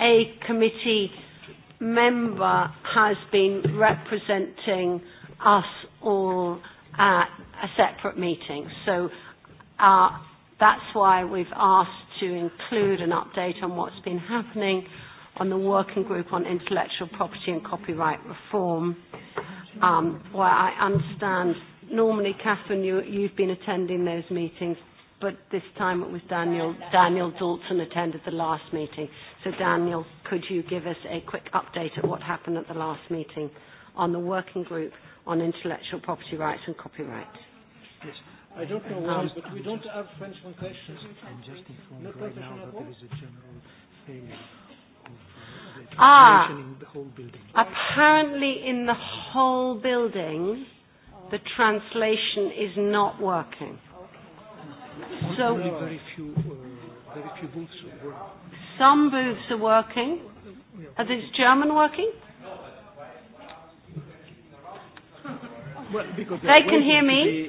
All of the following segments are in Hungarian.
a committee member has been representing us all at a separate meeting. So uh, that's why we've asked to include an update on what's been happening on the working group on intellectual property and copyright reform, um, where I understand normally, Catherine, you, you've been attending those meetings, but this time it was Daniel, Daniel Dalton attended the last meeting. So Daniel, could you give us a quick update of what happened at the last meeting on the working group on intellectual property rights and copyright? Yes. I don't know why, um, but we don't have Frenchman questions. I'm just informed right now that there is a general failure uh, ah, in the whole building. Apparently in the whole building, the translation is not working. Okay. So, very few, uh, very few booths were Some booths are working. Are these German working? Well, because they can hear me.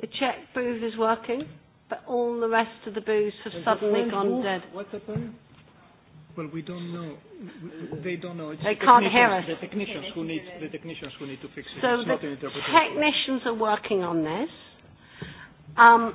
The Czech booth is working, but all the rest of the booths have Has suddenly gone booth? dead. What's happened? Well, we don't know. They don't know. It's they the can't hear us. The technicians who need the technicians who need to fix it. So it's the not an technicians are working on this. Um,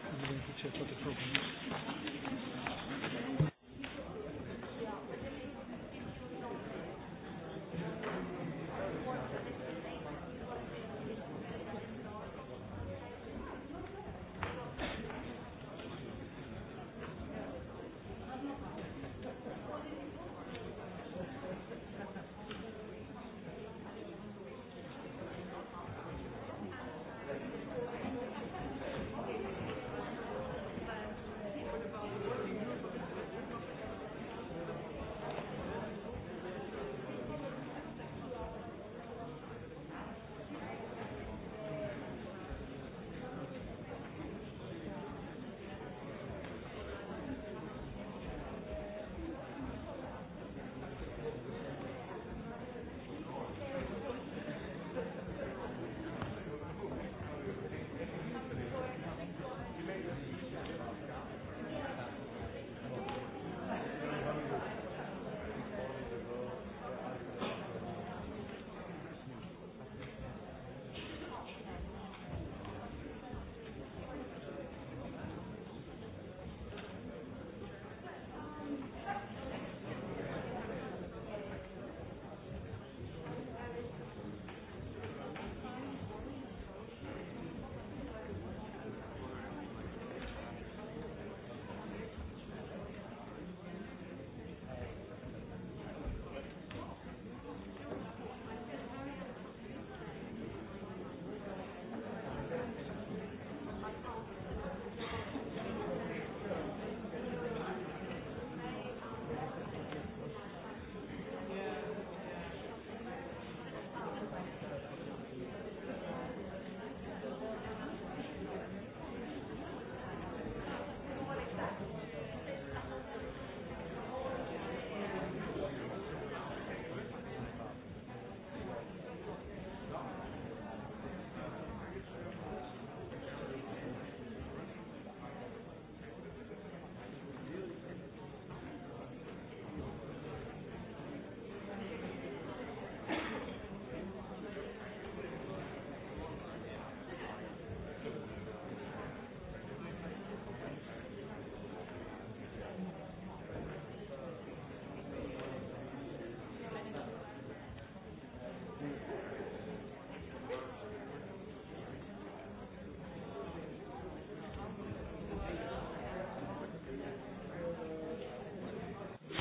for the problem.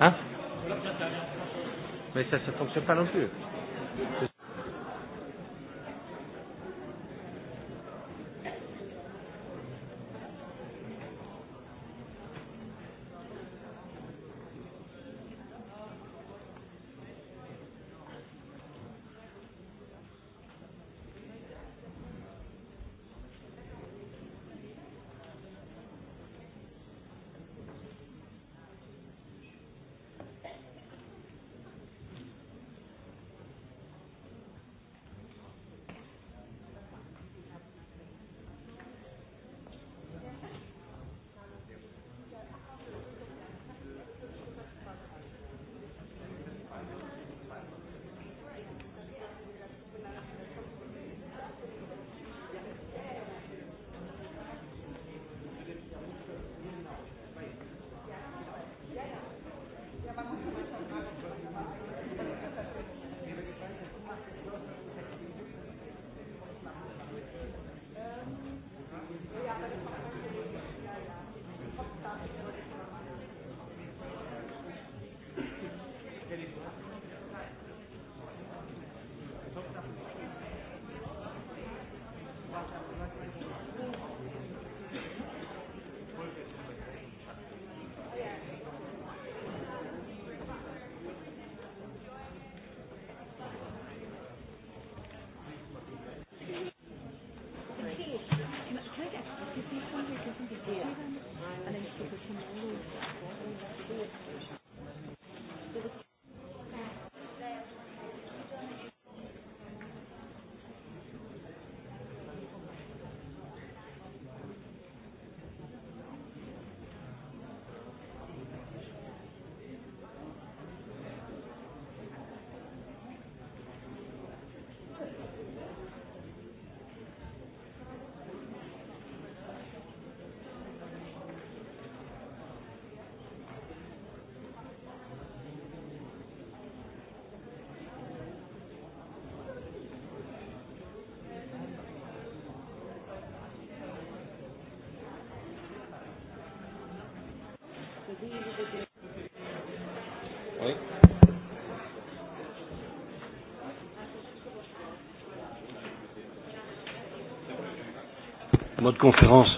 Hein Mais ça, ne fonctionne pas non plus. votre conférence.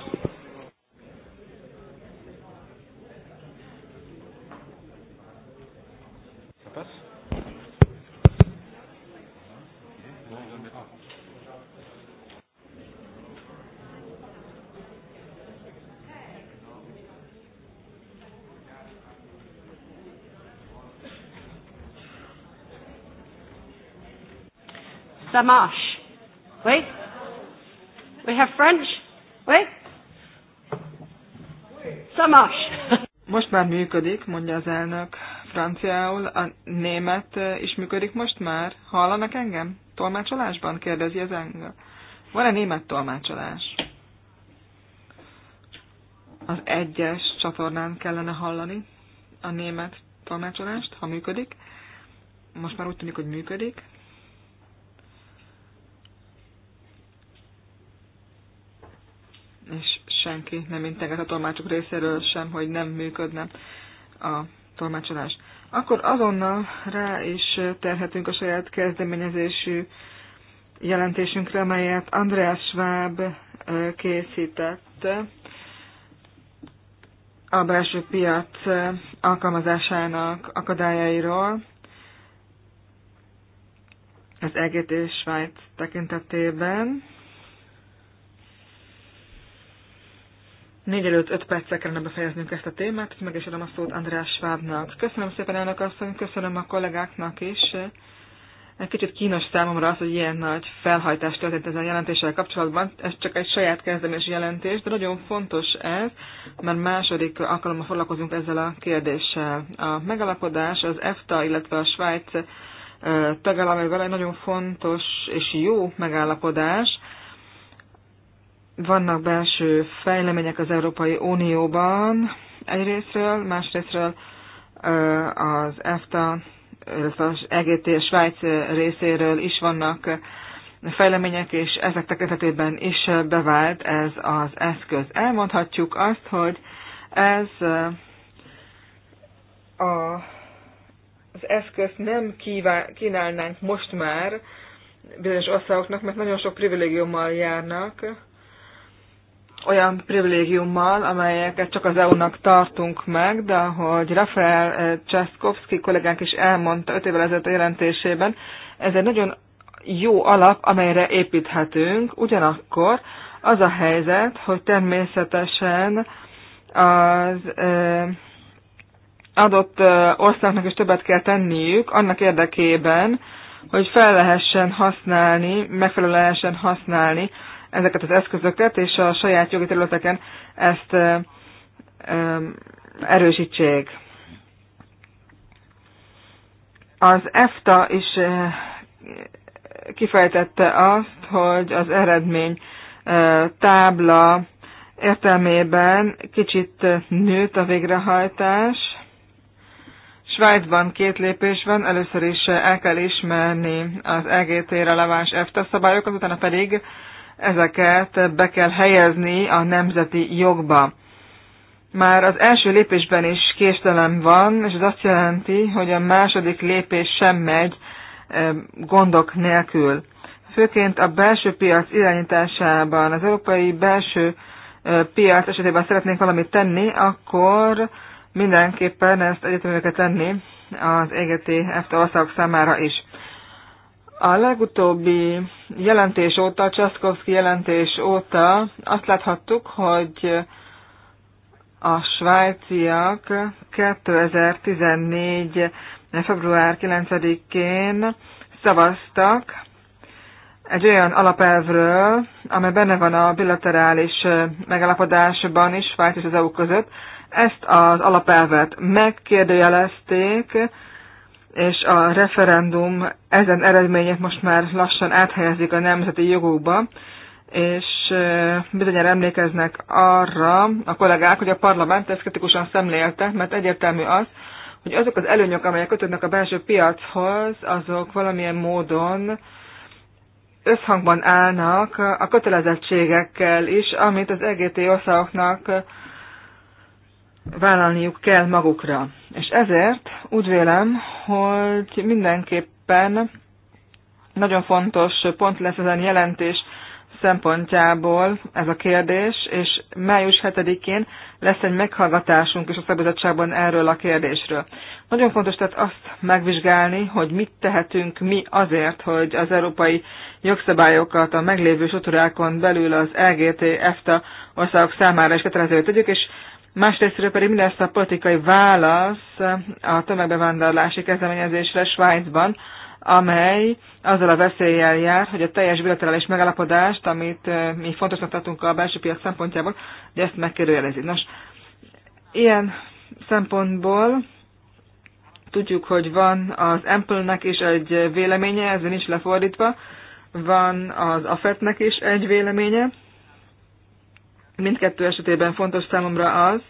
Samash. Wait. We have French. Most már működik, mondja az elnök franciául, a német eh, is működik most már. Hallanak engem? Tolmácsolásban? Kérdezi az engem. Van-e német tolmácsolás? Az egyes csatornán kellene hallani a német tolmácsolást, ha működik. Most már úgy tűnik, hogy működik. senki nem integet a tolmácsok részéről sem, hogy nem működne a tolmácsolás. Akkor azonnal rá is terhetünk a saját kezdeményezésű jelentésünkre, amelyet András Schwab készített a belső piac alkalmazásának akadályairól az EGT Svájc tekintetében. 4 előtt 5 perccel kellene befejeznünk ezt a témát, meg is adom a szót András Schwabnak. Köszönöm szépen elnök asszony, köszönöm a kollégáknak is. Egy kicsit kínos számomra az, hogy ilyen nagy felhajtást történt ezzel a jelentéssel kapcsolatban. Ez csak egy saját kezdeményes jelentés, de nagyon fontos ez, mert második alkalommal foglalkozunk ezzel a kérdéssel. A megalapodás az EFTA, illetve a Svájc tagállamaival egy nagyon fontos és jó megállapodás, vannak belső fejlemények az Európai Unióban egyrésztről, másrésztről az EFTA, illetve az EGT Svájc részéről is vannak fejlemények, és ezek tekintetében is bevált ez az eszköz. Elmondhatjuk azt, hogy ez a, az eszközt nem kíván, kínálnánk most már bizonyos országoknak, mert nagyon sok privilégiummal járnak, olyan privilégiummal, amelyeket csak az EU-nak tartunk meg, de ahogy Rafael eh, Császkowski kollégánk is elmondta öt évvel ezelőtt a jelentésében, ez egy nagyon jó alap, amelyre építhetünk, ugyanakkor az a helyzet, hogy természetesen az eh, adott eh, országnak is többet kell tenniük annak érdekében, hogy fel lehessen használni, megfelelően lehessen használni ezeket az eszközöket, és a saját jogi területeken ezt erősítsék. Az EFTA is kifejtette azt, hogy az eredmény tábla értelmében kicsit nőtt a végrehajtás. Svájcban két lépés van, először is el kell ismerni az EGT releváns EFTA szabályokat, utána pedig ezeket be kell helyezni a nemzeti jogba. Már az első lépésben is késlelem van, és ez azt jelenti, hogy a második lépés sem megy gondok nélkül. Főként a belső piac irányításában, az európai belső piac esetében szeretnénk valamit tenni, akkor mindenképpen ezt egyetemre kell tenni az EGT EFTA országok számára is. A legutóbbi jelentés óta, Csaszkowski jelentés óta azt láthattuk, hogy a svájciak 2014. február 9-én szavaztak egy olyan alapelvről, amely benne van a bilaterális megállapodásban is Svájc és az EU között. Ezt az alapelvet megkérdőjelezték, és a referendum ezen eredmények most már lassan áthelyezik a nemzeti jogokba, és bizonyára emlékeznek arra a kollégák, hogy a parlament ezt kritikusan szemlélte, mert egyértelmű az, hogy azok az előnyök, amelyek kötődnek a belső piachoz, azok valamilyen módon összhangban állnak a kötelezettségekkel is, amit az EGT országoknak vállalniuk kell magukra. És ezért úgy vélem, hogy mindenképpen nagyon fontos pont lesz ezen jelentés szempontjából ez a kérdés, és május 7-én lesz egy meghallgatásunk is a szabadságban erről a kérdésről. Nagyon fontos tehát azt megvizsgálni, hogy mit tehetünk mi azért, hogy az európai jogszabályokat a meglévő sotorákon belül az LGT EFTA országok számára is kötelezővé tegyük, és másrésztről pedig mi lesz a politikai válasz a tömegbevándorlási kezdeményezésre Svájcban, amely azzal a veszéllyel jár, hogy a teljes bilaterális megállapodást, amit mi fontosnak tartunk a belső piac szempontjából, de ezt megkérdőjelezi. Nos, ilyen szempontból tudjuk, hogy van az Apple-nek is egy véleménye, ez nincs lefordítva, van az Afetnek is egy véleménye, Mindkettő esetében fontos számomra az,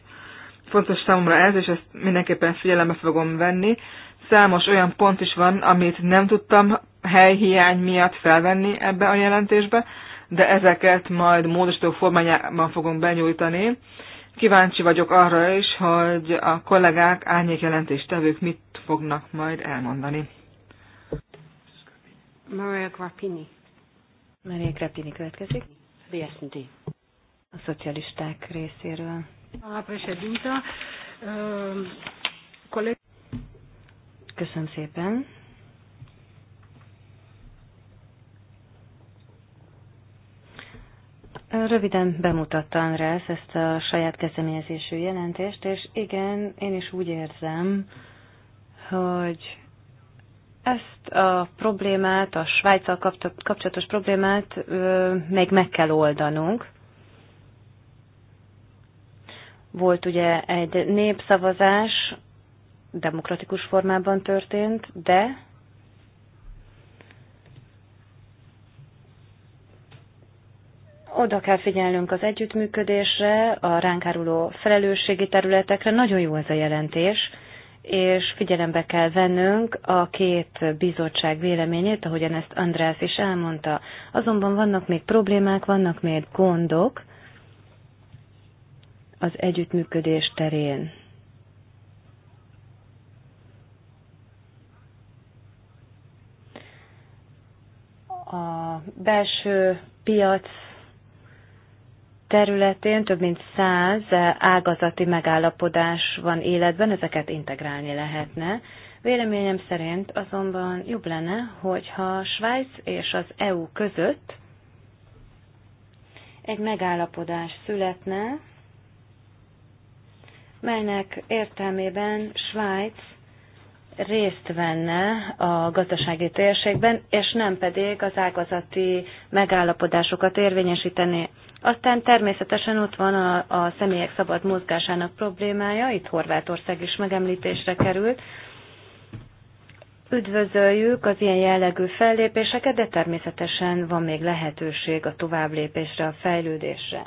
fontos számomra ez, és ezt mindenképpen figyelembe fogom venni. Számos olyan pont is van, amit nem tudtam helyhiány miatt felvenni ebbe a jelentésbe, de ezeket majd módosító formájában fogom benyújtani. Kíváncsi vagyok arra is, hogy a kollégák árnyékjelentéstevők mit fognak majd elmondani. Maria Grappini. Maria Grappini következik. BSD a szocialisták részéről. Um, Köszönöm szépen. Röviden bemutatta András ezt a saját kezdeményezésű jelentést, és igen, én is úgy érzem, hogy ezt a problémát, a Svájccal kapcsolatos problémát még meg kell oldanunk. Volt ugye egy népszavazás, demokratikus formában történt, de oda kell figyelnünk az együttműködésre, a ránkáruló felelősségi területekre. Nagyon jó ez a jelentés, és figyelembe kell vennünk a két bizottság véleményét, ahogyan ezt András is elmondta. Azonban vannak még problémák, vannak még gondok, az együttműködés terén. A belső piac területén több mint száz ágazati megállapodás van életben, ezeket integrálni lehetne. Véleményem szerint azonban jobb lenne, hogyha Svájc és az EU között egy megállapodás születne, melynek értelmében Svájc részt venne a gazdasági térségben, és nem pedig az ágazati megállapodásokat érvényesíteni. Aztán természetesen ott van a, a személyek szabad mozgásának problémája, itt Horvátország is megemlítésre került. Üdvözöljük az ilyen jellegű fellépéseket, de természetesen van még lehetőség a továbblépésre, a fejlődésre.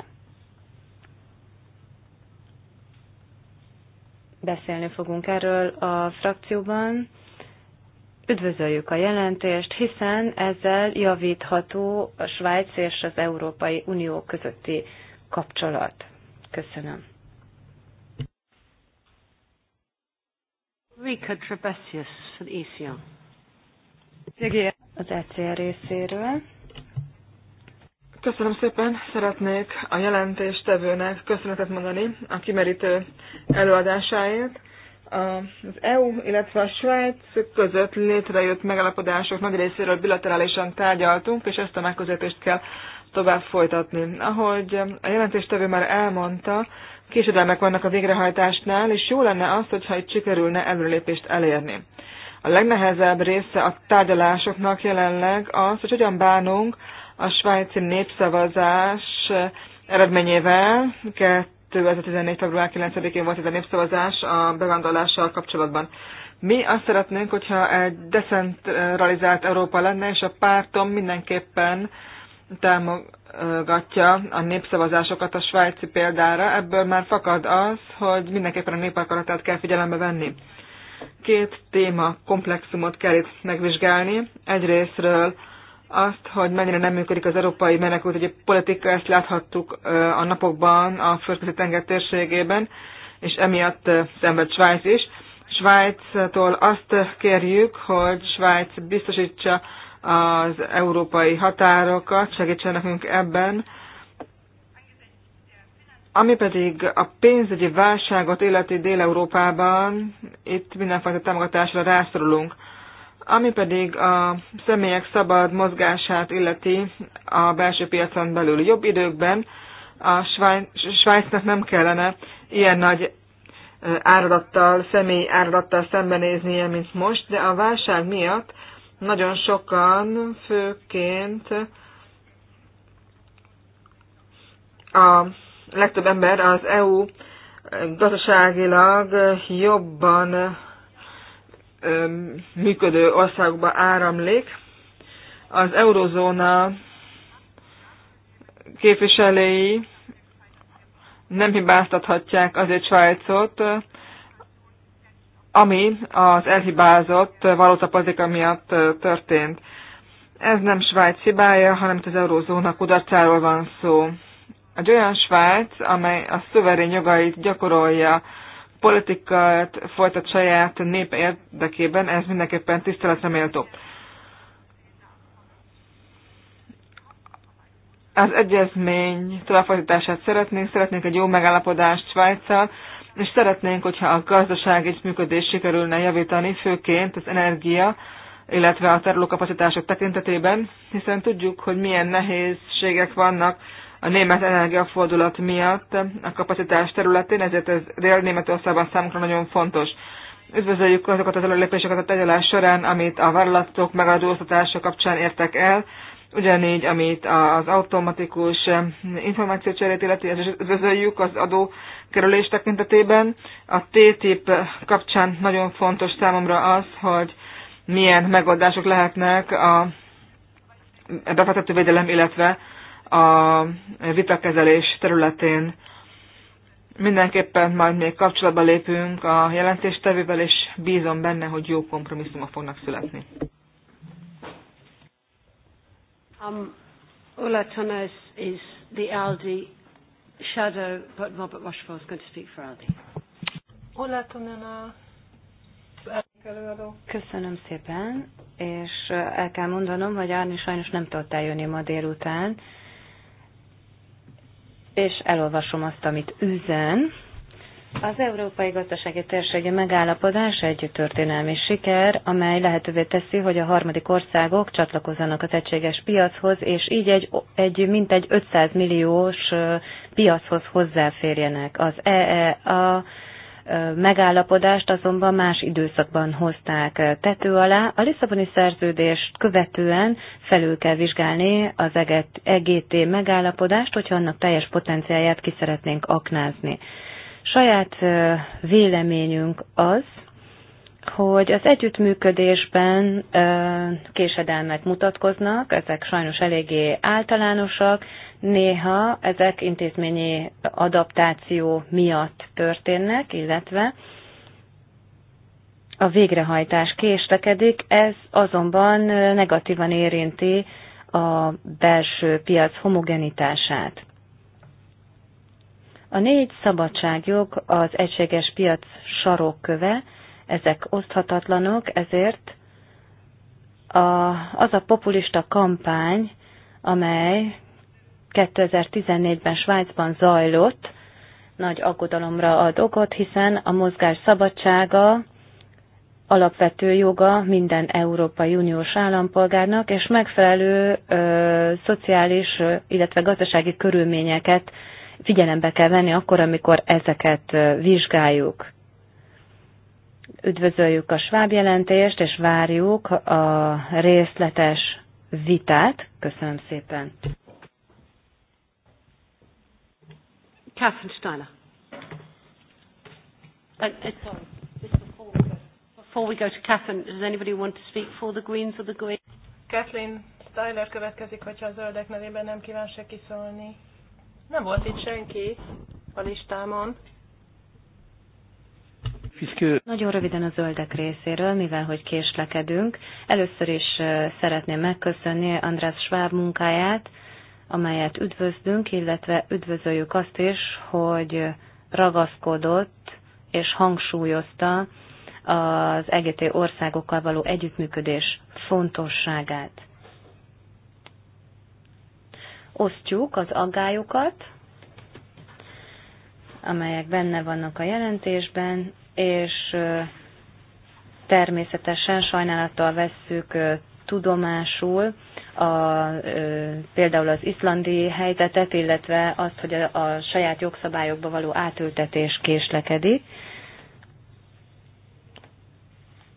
beszélni fogunk erről a frakcióban. Üdvözöljük a jelentést, hiszen ezzel javítható a Svájc és az Európai Unió közötti kapcsolat. Köszönöm. Rika Trebesius, az ECR. Az ECR részéről. Köszönöm szépen, szeretnék a jelentéstevőnek köszönetet mondani a kimerítő előadásáért. Az EU, illetve a Svájc között létrejött megalapodások nagy részéről bilaterálisan tárgyaltunk, és ezt a megközelítést kell tovább folytatni. Ahogy a jelentéstevő már elmondta, késedelmek vannak a végrehajtásnál, és jó lenne az, hogyha itt sikerülne előlépést elérni. A legnehezebb része a tárgyalásoknak jelenleg az, hogy hogyan bánunk a svájci népszavazás eredményével 2014. február 9-én volt ez a népszavazás a bevándorlással kapcsolatban. Mi azt szeretnénk, hogyha egy decentralizált Európa lenne, és a pártom mindenképpen támogatja a népszavazásokat a svájci példára. Ebből már fakad az, hogy mindenképpen a népakaratát kell figyelembe venni. Két téma komplexumot kell itt megvizsgálni. Egyrésztről azt, hogy mennyire nem működik az európai menekült egy politika, ezt láthattuk a napokban a földközi tenger térségében, és emiatt szenved Svájc is. Svájctól azt kérjük, hogy Svájc biztosítsa az európai határokat, segítsen nekünk ebben, ami pedig a pénzügyi válságot illeti Dél-Európában, itt mindenfajta támogatásra rászorulunk. Ami pedig a személyek szabad mozgását illeti a belső piacon belül jobb időkben, a Svájcnak nem kellene ilyen nagy áradattal, személy áradattal szembenéznie, mint most, de a válság miatt nagyon sokan, főként a legtöbb ember az EU gazdaságilag jobban működő országokba áramlik. Az eurozóna képviselői nem hibáztathatják azért Svájcot, ami az elhibázott valótapolitika miatt történt. Ez nem Svájc hibája, hanem az eurózóna kudarcáról van szó. Egy olyan Svájc, amely a szuverén jogait gyakorolja politikát folytat saját nép érdekében, ez mindenképpen tiszteletre méltó. Az egyezmény továbbfolytatását szeretnénk, szeretnénk egy jó megállapodást Svájccal, és szeretnénk, hogyha a gazdaság és működés sikerülne javítani, főként az energia, illetve a terülőkapacitások tekintetében, hiszen tudjuk, hogy milyen nehézségek vannak a német energiafordulat miatt a kapacitás területén, ezért ez Dél-Németországban számunkra nagyon fontos. Üdvözöljük azokat az előlépéseket a tegyelás során, amit a vállalatok megadóztatása kapcsán értek el, ugyanígy, amit az automatikus információcserét illeti, üdvözöljük az adó kerülés tekintetében. A TTIP kapcsán nagyon fontos számomra az, hogy milyen megoldások lehetnek a befektetővédelem, illetve a vitakezelés területén. Mindenképpen majd még kapcsolatba lépünk a jelentéstevővel, és bízom benne, hogy jó kompromisszumok fognak születni. Um, Ulla Tunas is the ALDI shadow, but Robert Rochefort is going to speak for ALDI. Ulla Tunas Köszönöm szépen, és el kell mondanom, hogy Árni sajnos nem tudott eljönni ma délután, és elolvasom azt, amit üzen. Az Európai Gazdasági Térségi Megállapodás egy történelmi siker, amely lehetővé teszi, hogy a harmadik országok csatlakozzanak az egységes piachoz, és így egy, egy mintegy 500 milliós piachoz hozzáférjenek. Az EEA megállapodást azonban más időszakban hozták tető alá. A Lisszaboni szerződést követően felül kell vizsgálni az EGT e megállapodást, hogyha annak teljes potenciáját ki szeretnénk aknázni. Saját véleményünk az, hogy az együttműködésben késedelmet késedelmek mutatkoznak, ezek sajnos eléggé általánosak, Néha ezek intézményi adaptáció miatt történnek, illetve a végrehajtás késlekedik, ez azonban negatívan érinti a belső piac homogenitását. A négy szabadságjog az egységes piac sarokköve, ezek oszthatatlanok, ezért a, az a populista kampány, amely 2014-ben Svájcban zajlott, nagy aggodalomra ad okot, hiszen a mozgás szabadsága alapvető joga minden Európai Uniós állampolgárnak, és megfelelő ö, szociális, illetve gazdasági körülményeket figyelembe kell venni akkor, amikor ezeket vizsgáljuk. Üdvözöljük a Schwab jelentést, és várjuk a részletes vitát. Köszönöm szépen! Catherine Steiner. Uh, uh, sorry, just before we go before we go to Catherine, does anybody want to speak for the Greens or the Greens? Kathleen Steiner következik, hogyha a zöldek nevében nem kíván se kiszólni. Nem volt itt senki a listámon. Nagyon röviden a zöldek részéről, mivel hogy késlekedünk. Először is szeretném megköszönni András Schwab munkáját, amelyet üdvözlünk, illetve üdvözöljük azt is, hogy ragaszkodott és hangsúlyozta az EGT országokkal való együttműködés fontosságát. Osztjuk az aggályokat, amelyek benne vannak a jelentésben, és természetesen sajnálattal vesszük tudomásul a, például az iszlandi helyzetet, illetve azt, hogy a, a saját jogszabályokba való átültetés késlekedik.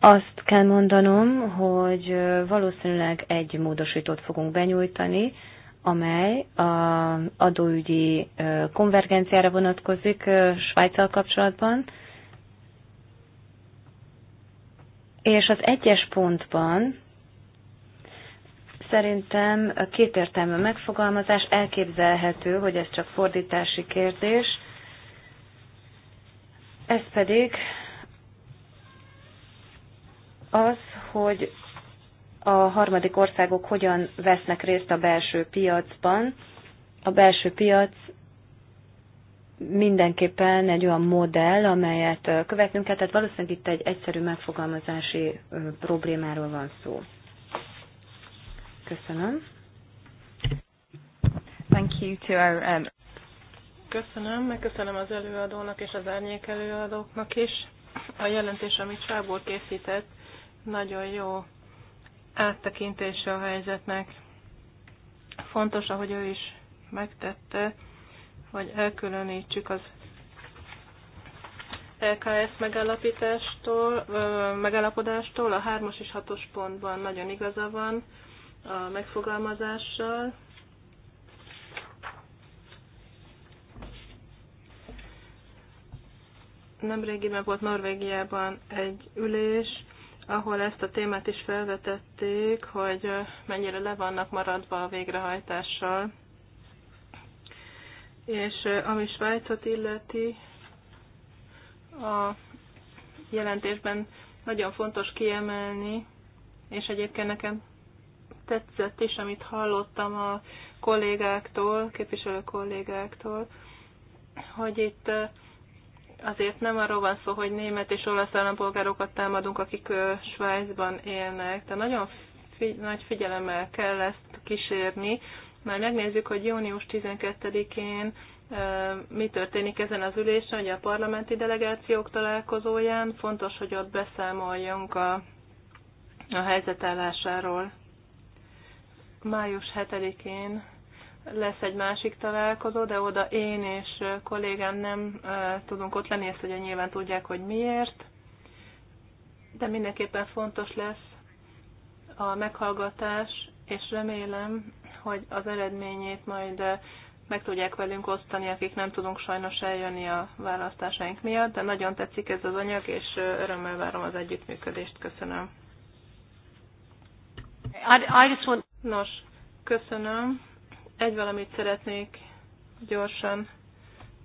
Azt kell mondanom, hogy valószínűleg egy módosítót fogunk benyújtani, amely a adóügyi konvergenciára vonatkozik Svájccal kapcsolatban, és az egyes pontban Szerintem a kétértelmű megfogalmazás elképzelhető, hogy ez csak fordítási kérdés. Ez pedig az, hogy a harmadik országok hogyan vesznek részt a belső piacban. A belső piac mindenképpen egy olyan modell, amelyet követnünk kell, tehát valószínűleg itt egy egyszerű megfogalmazási problémáról van szó. Köszönöm. Thank you to our, um... Köszönöm, megköszönöm az előadónak és az árnyék előadóknak is. A jelentés, amit Fából készített, nagyon jó áttekintése a helyzetnek. Fontos, ahogy ő is megtette, hogy elkülönítsük az LKS megállapítástól, megállapodástól, a hármas és hatos pontban nagyon igaza van, a megfogalmazással. Nemrégiben volt Norvégiában egy ülés, ahol ezt a témát is felvetették, hogy mennyire le vannak maradva a végrehajtással. És ami Svájcot illeti, a jelentésben nagyon fontos kiemelni, és egyébként nekem tetszett is, amit hallottam a kollégáktól, képviselő kollégáktól, hogy itt azért nem arról van szó, hogy német és olasz állampolgárokat támadunk, akik Svájcban élnek, de nagyon figy- nagy figyelemmel kell ezt kísérni. mert megnézzük, hogy június 12-én mi történik ezen az ülésen, hogy a parlamenti delegációk találkozóján. Fontos, hogy ott beszámoljunk a, a helyzetállásáról május 7-én lesz egy másik találkozó, de oda én és kollégám nem tudunk ott lenni, ezt ugye nyilván tudják, hogy miért, de mindenképpen fontos lesz a meghallgatás, és remélem, hogy az eredményét majd meg tudják velünk osztani, akik nem tudunk sajnos eljönni a választásaink miatt, de nagyon tetszik ez az anyag, és örömmel várom az együttműködést. Köszönöm. I, I just want... Nos, köszönöm. Egy valamit szeretnék gyorsan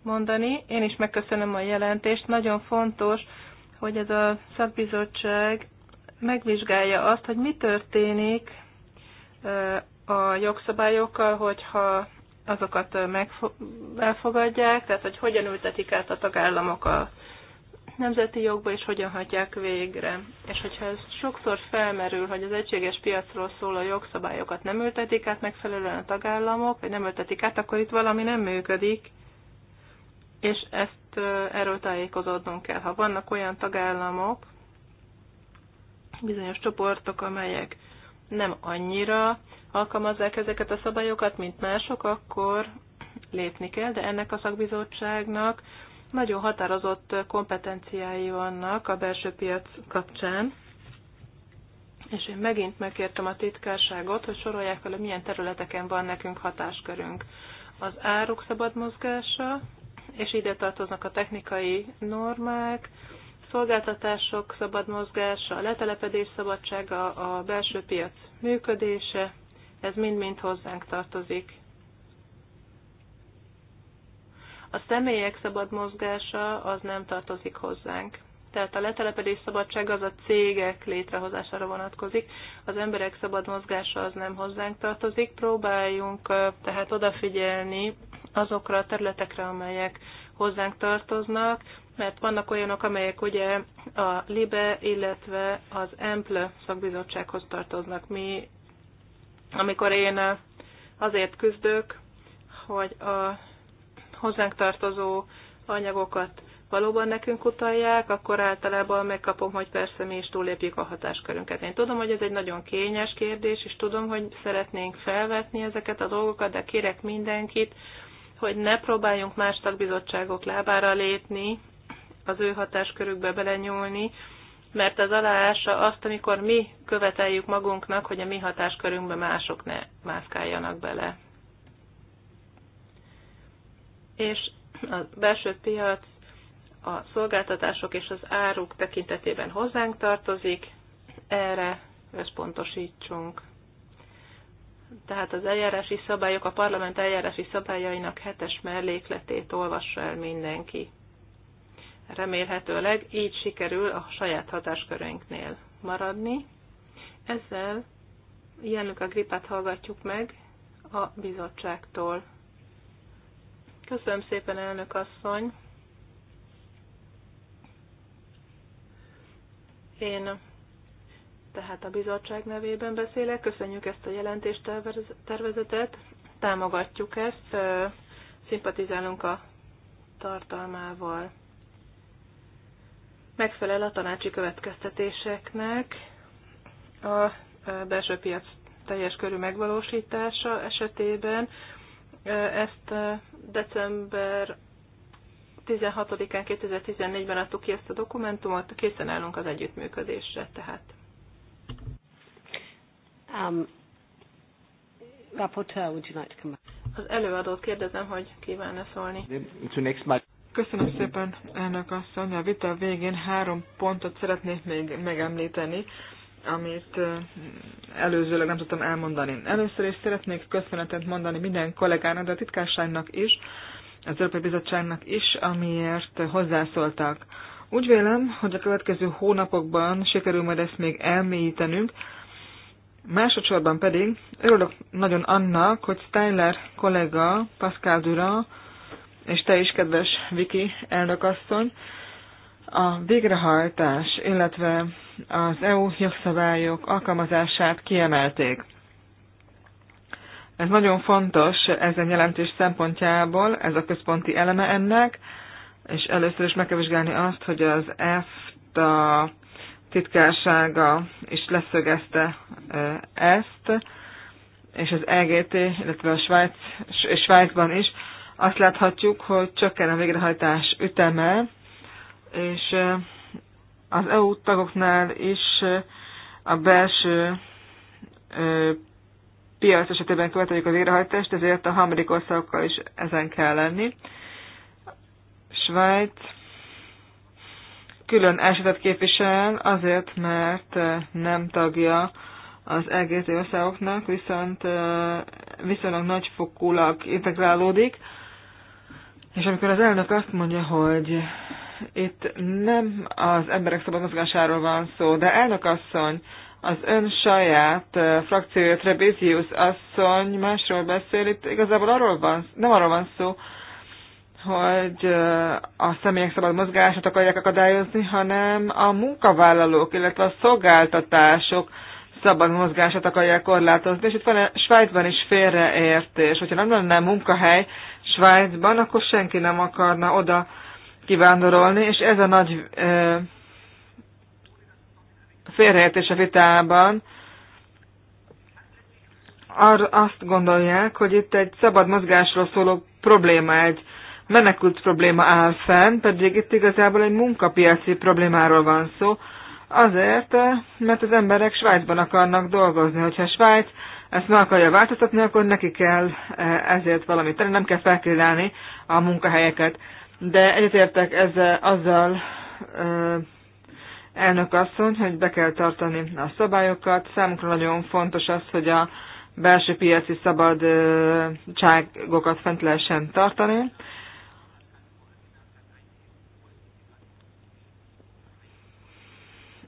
mondani. Én is megköszönöm a jelentést. Nagyon fontos, hogy ez a szakbizottság megvizsgálja azt, hogy mi történik a jogszabályokkal, hogyha azokat elfogadják, tehát hogy hogyan ültetik át a tagállamok a nemzeti jogba, és hogyan hagyják végre. És hogyha ez sokszor felmerül, hogy az egységes piacról szóló jogszabályokat nem ültetik át megfelelően a tagállamok, vagy nem ültetik át, akkor itt valami nem működik, és ezt erről tájékozódnunk kell. Ha vannak olyan tagállamok, bizonyos csoportok, amelyek nem annyira alkalmazzák ezeket a szabályokat, mint mások, akkor lépni kell, de ennek a szakbizottságnak nagyon határozott kompetenciái vannak a belső piac kapcsán, és én megint megkértem a titkárságot, hogy sorolják fel, hogy milyen területeken van nekünk hatáskörünk. Az áruk szabad mozgása, és ide tartoznak a technikai normák, szolgáltatások szabad mozgása, a letelepedés szabadsága, a belső piac működése, ez mind-mind hozzánk tartozik. A személyek szabad mozgása az nem tartozik hozzánk. Tehát a letelepedés szabadság az a cégek létrehozására vonatkozik, az emberek szabad mozgása az nem hozzánk tartozik. Próbáljunk tehát odafigyelni azokra a területekre, amelyek hozzánk tartoznak, mert vannak olyanok, amelyek ugye a LIBE, illetve az EMPLE szakbizottsághoz tartoznak. Mi, amikor én azért küzdök, hogy a hozzánk tartozó anyagokat valóban nekünk utalják, akkor általában megkapom, hogy persze mi is túlépjük a hatáskörünket. Én tudom, hogy ez egy nagyon kényes kérdés, és tudom, hogy szeretnénk felvetni ezeket a dolgokat, de kérek mindenkit, hogy ne próbáljunk más tagbizottságok lábára lépni, az ő hatáskörükbe belenyúlni, mert az aláása azt, amikor mi követeljük magunknak, hogy a mi hatáskörünkbe mások ne mászkáljanak bele és a belső piac a szolgáltatások és az áruk tekintetében hozzánk tartozik, erre összpontosítsunk. Tehát az eljárási szabályok, a parlament eljárási szabályainak hetes mellékletét olvassa el mindenki. Remélhetőleg így sikerül a saját hatáskörünknél maradni. Ezzel jelenleg a gripát hallgatjuk meg a bizottságtól. Köszönöm szépen, elnök asszony. Én tehát a bizottság nevében beszélek. Köszönjük ezt a jelentéstervezetet, támogatjuk ezt, szimpatizálunk a tartalmával. Megfelel a tanácsi következtetéseknek a belső piac teljes körű megvalósítása esetében ezt december 16-án 2014-ben adtuk ki ezt a dokumentumot, készen állunk az együttműködésre, tehát. Um, rapporteur, would you like to come Az előadót kérdezem, hogy kívánna szólni. Köszönöm szépen, elnök asszony. A vita végén három pontot szeretnék még megemlíteni amit előzőleg nem tudtam elmondani. Először is szeretnék köszönetet mondani minden kollégának, de a titkárságnak is, az Európai Bizottságnak is, amiért hozzászóltak. Úgy vélem, hogy a következő hónapokban sikerül majd ezt még elmélyítenünk, másodszorban pedig örülök nagyon annak, hogy Steiner kollega, Pascal Dura, és te is, kedves Viki elnökasszony, a végrehajtás, illetve az EU jogszabályok alkalmazását kiemelték. Ez nagyon fontos ezen jelentés szempontjából, ez a központi eleme ennek, és először is meg kell vizsgálni azt, hogy az EFTA titkársága is leszögezte ezt, és az EGT, illetve a Svájc, Svájcban is azt láthatjuk, hogy csökken a végrehajtás üteme, és az EU tagoknál is a belső piac esetében követeljük az érehajtást, ezért a harmadik országokkal is ezen kell lenni. Svájc külön esetet képvisel, azért, mert nem tagja az egész országoknak, viszont viszonylag nagyfokúlag integrálódik, és amikor az elnök azt mondja, hogy itt nem az emberek szabad mozgásáról van szó, de elnök asszony, az ön saját frakciója trebizius asszony másról beszél, itt igazából arról van, nem arról van szó, hogy a személyek szabad mozgását akarják akadályozni, hanem a munkavállalók, illetve a szolgáltatások szabad mozgását akarják korlátozni, és itt van Svájcban is félreértés. Hogyha nem lenne munkahely Svájcban, akkor senki nem akarna oda kivándorolni, és ez a nagy ö, félreértés a vitában, ar, azt gondolják, hogy itt egy szabad mozgásról szóló probléma, egy menekült probléma áll fenn, pedig itt igazából egy munkapiaci problémáról van szó, azért, mert az emberek Svájcban akarnak dolgozni. Hogyha Svájc ezt meg akarja változtatni, akkor neki kell ezért valamit tenni, nem kell felkínálni a munkahelyeket de egyetértek ezzel azzal ö, elnök asszony, hogy be kell tartani a szabályokat. Számunkra nagyon fontos az, hogy a belső piaci szabadságokat fent lehessen tartani.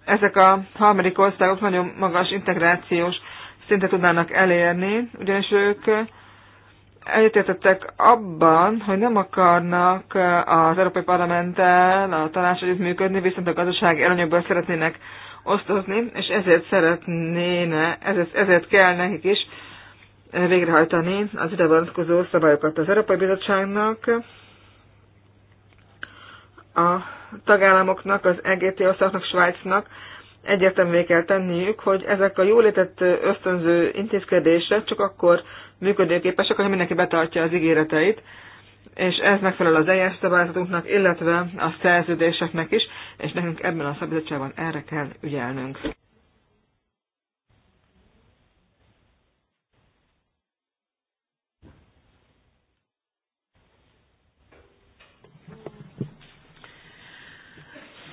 Ezek a harmadik országok nagyon magas integrációs szintet tudnának elérni, ugyanis ők egyetértettek abban, hogy nem akarnak eh, az Európai Parlamenttel a tanács működni, viszont a gazdasági előnyökből szeretnének osztozni, és ezért szeretnéne, ezért, ezért kell nekik is végrehajtani az ide vonatkozó szabályokat az Európai Bizottságnak, a tagállamoknak, az EGT országnak, Svájcnak, egyértelművé kell tenniük, hogy ezek a jólétett ösztönző intézkedések csak akkor működőképesek, ha mindenki betartja az ígéreteit, és ez megfelel az eljárás szabályzatunknak, illetve a szerződéseknek is, és nekünk ebben a szabadságban erre kell ügyelnünk.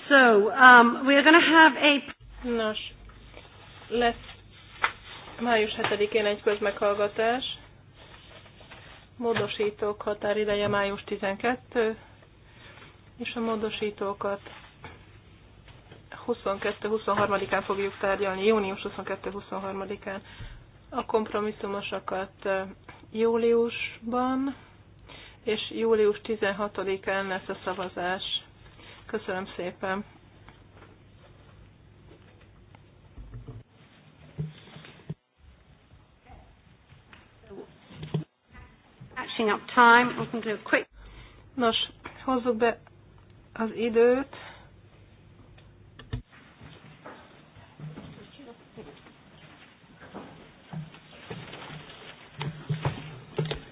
So, um, we are going to have a Nos, lesz május 7-én egy közmeghallgatás. Módosítók határideje május 12, és a módosítókat 22-23-án fogjuk tárgyalni, június 22-23-án. A kompromisszumosakat júliusban, és július 16-án lesz a szavazás. Köszönöm szépen! mixing up time. We can do a quick... Nos, hozzuk be az időt.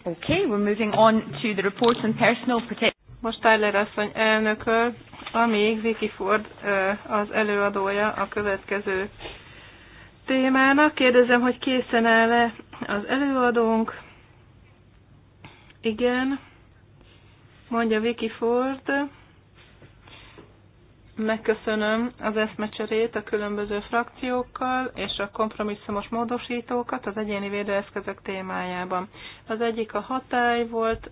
Okay, we're moving on to the reports on personal protection. Most Tyler asszony elnököl, amíg Vicky Ford az előadója a következő témának. Kérdezem, hogy készen áll-e az előadónk. Igen, mondja Vicky Ford. Megköszönöm az eszmecserét a különböző frakciókkal és a kompromisszumos módosítókat az egyéni védőeszközök témájában. Az egyik a hatály volt,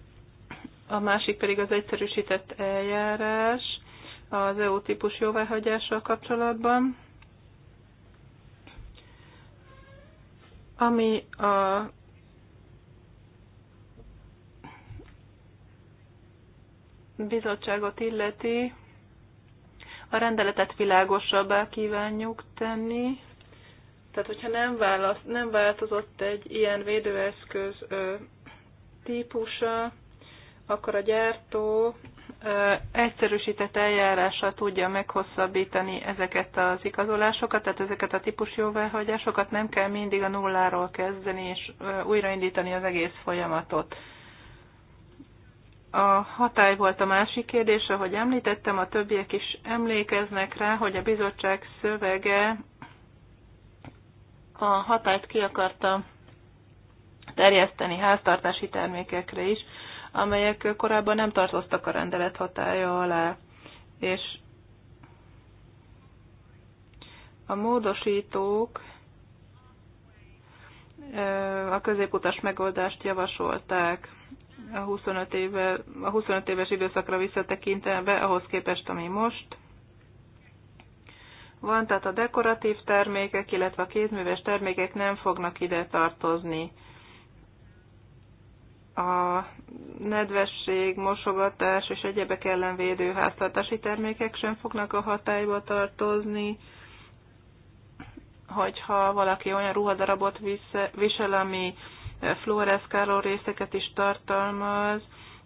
a másik pedig az egyszerűsített eljárás az EU típus jóváhagyással kapcsolatban, ami a bizottságot illeti, a rendeletet világosabbá kívánjuk tenni. Tehát, hogyha nem, választ, nem változott egy ilyen védőeszköz ö, típusa, akkor a gyártó ö, egyszerűsített eljárással tudja meghosszabbítani ezeket az igazolásokat, tehát ezeket a típus jóváhagyásokat nem kell mindig a nulláról kezdeni és ö, újraindítani az egész folyamatot. Ö, a hatály volt a másik kérdés, ahogy említettem, a többiek is emlékeznek rá, hogy a bizottság szövege a hatályt ki akarta terjeszteni háztartási termékekre is, amelyek korábban nem tartoztak a rendelet hatája alá. És a módosítók a középutas megoldást javasolták a 25, éve, a 25 éves időszakra visszatekintve ahhoz képest, ami most van, tehát a dekoratív termékek, illetve a kézműves termékek nem fognak ide tartozni. A nedvesség, mosogatás és egyebek ellen védő háztartási termékek sem fognak a hatályba tartozni, hogyha valaki olyan ruhadarabot visel, ami fluoreszkáló részeket is tartalmaz,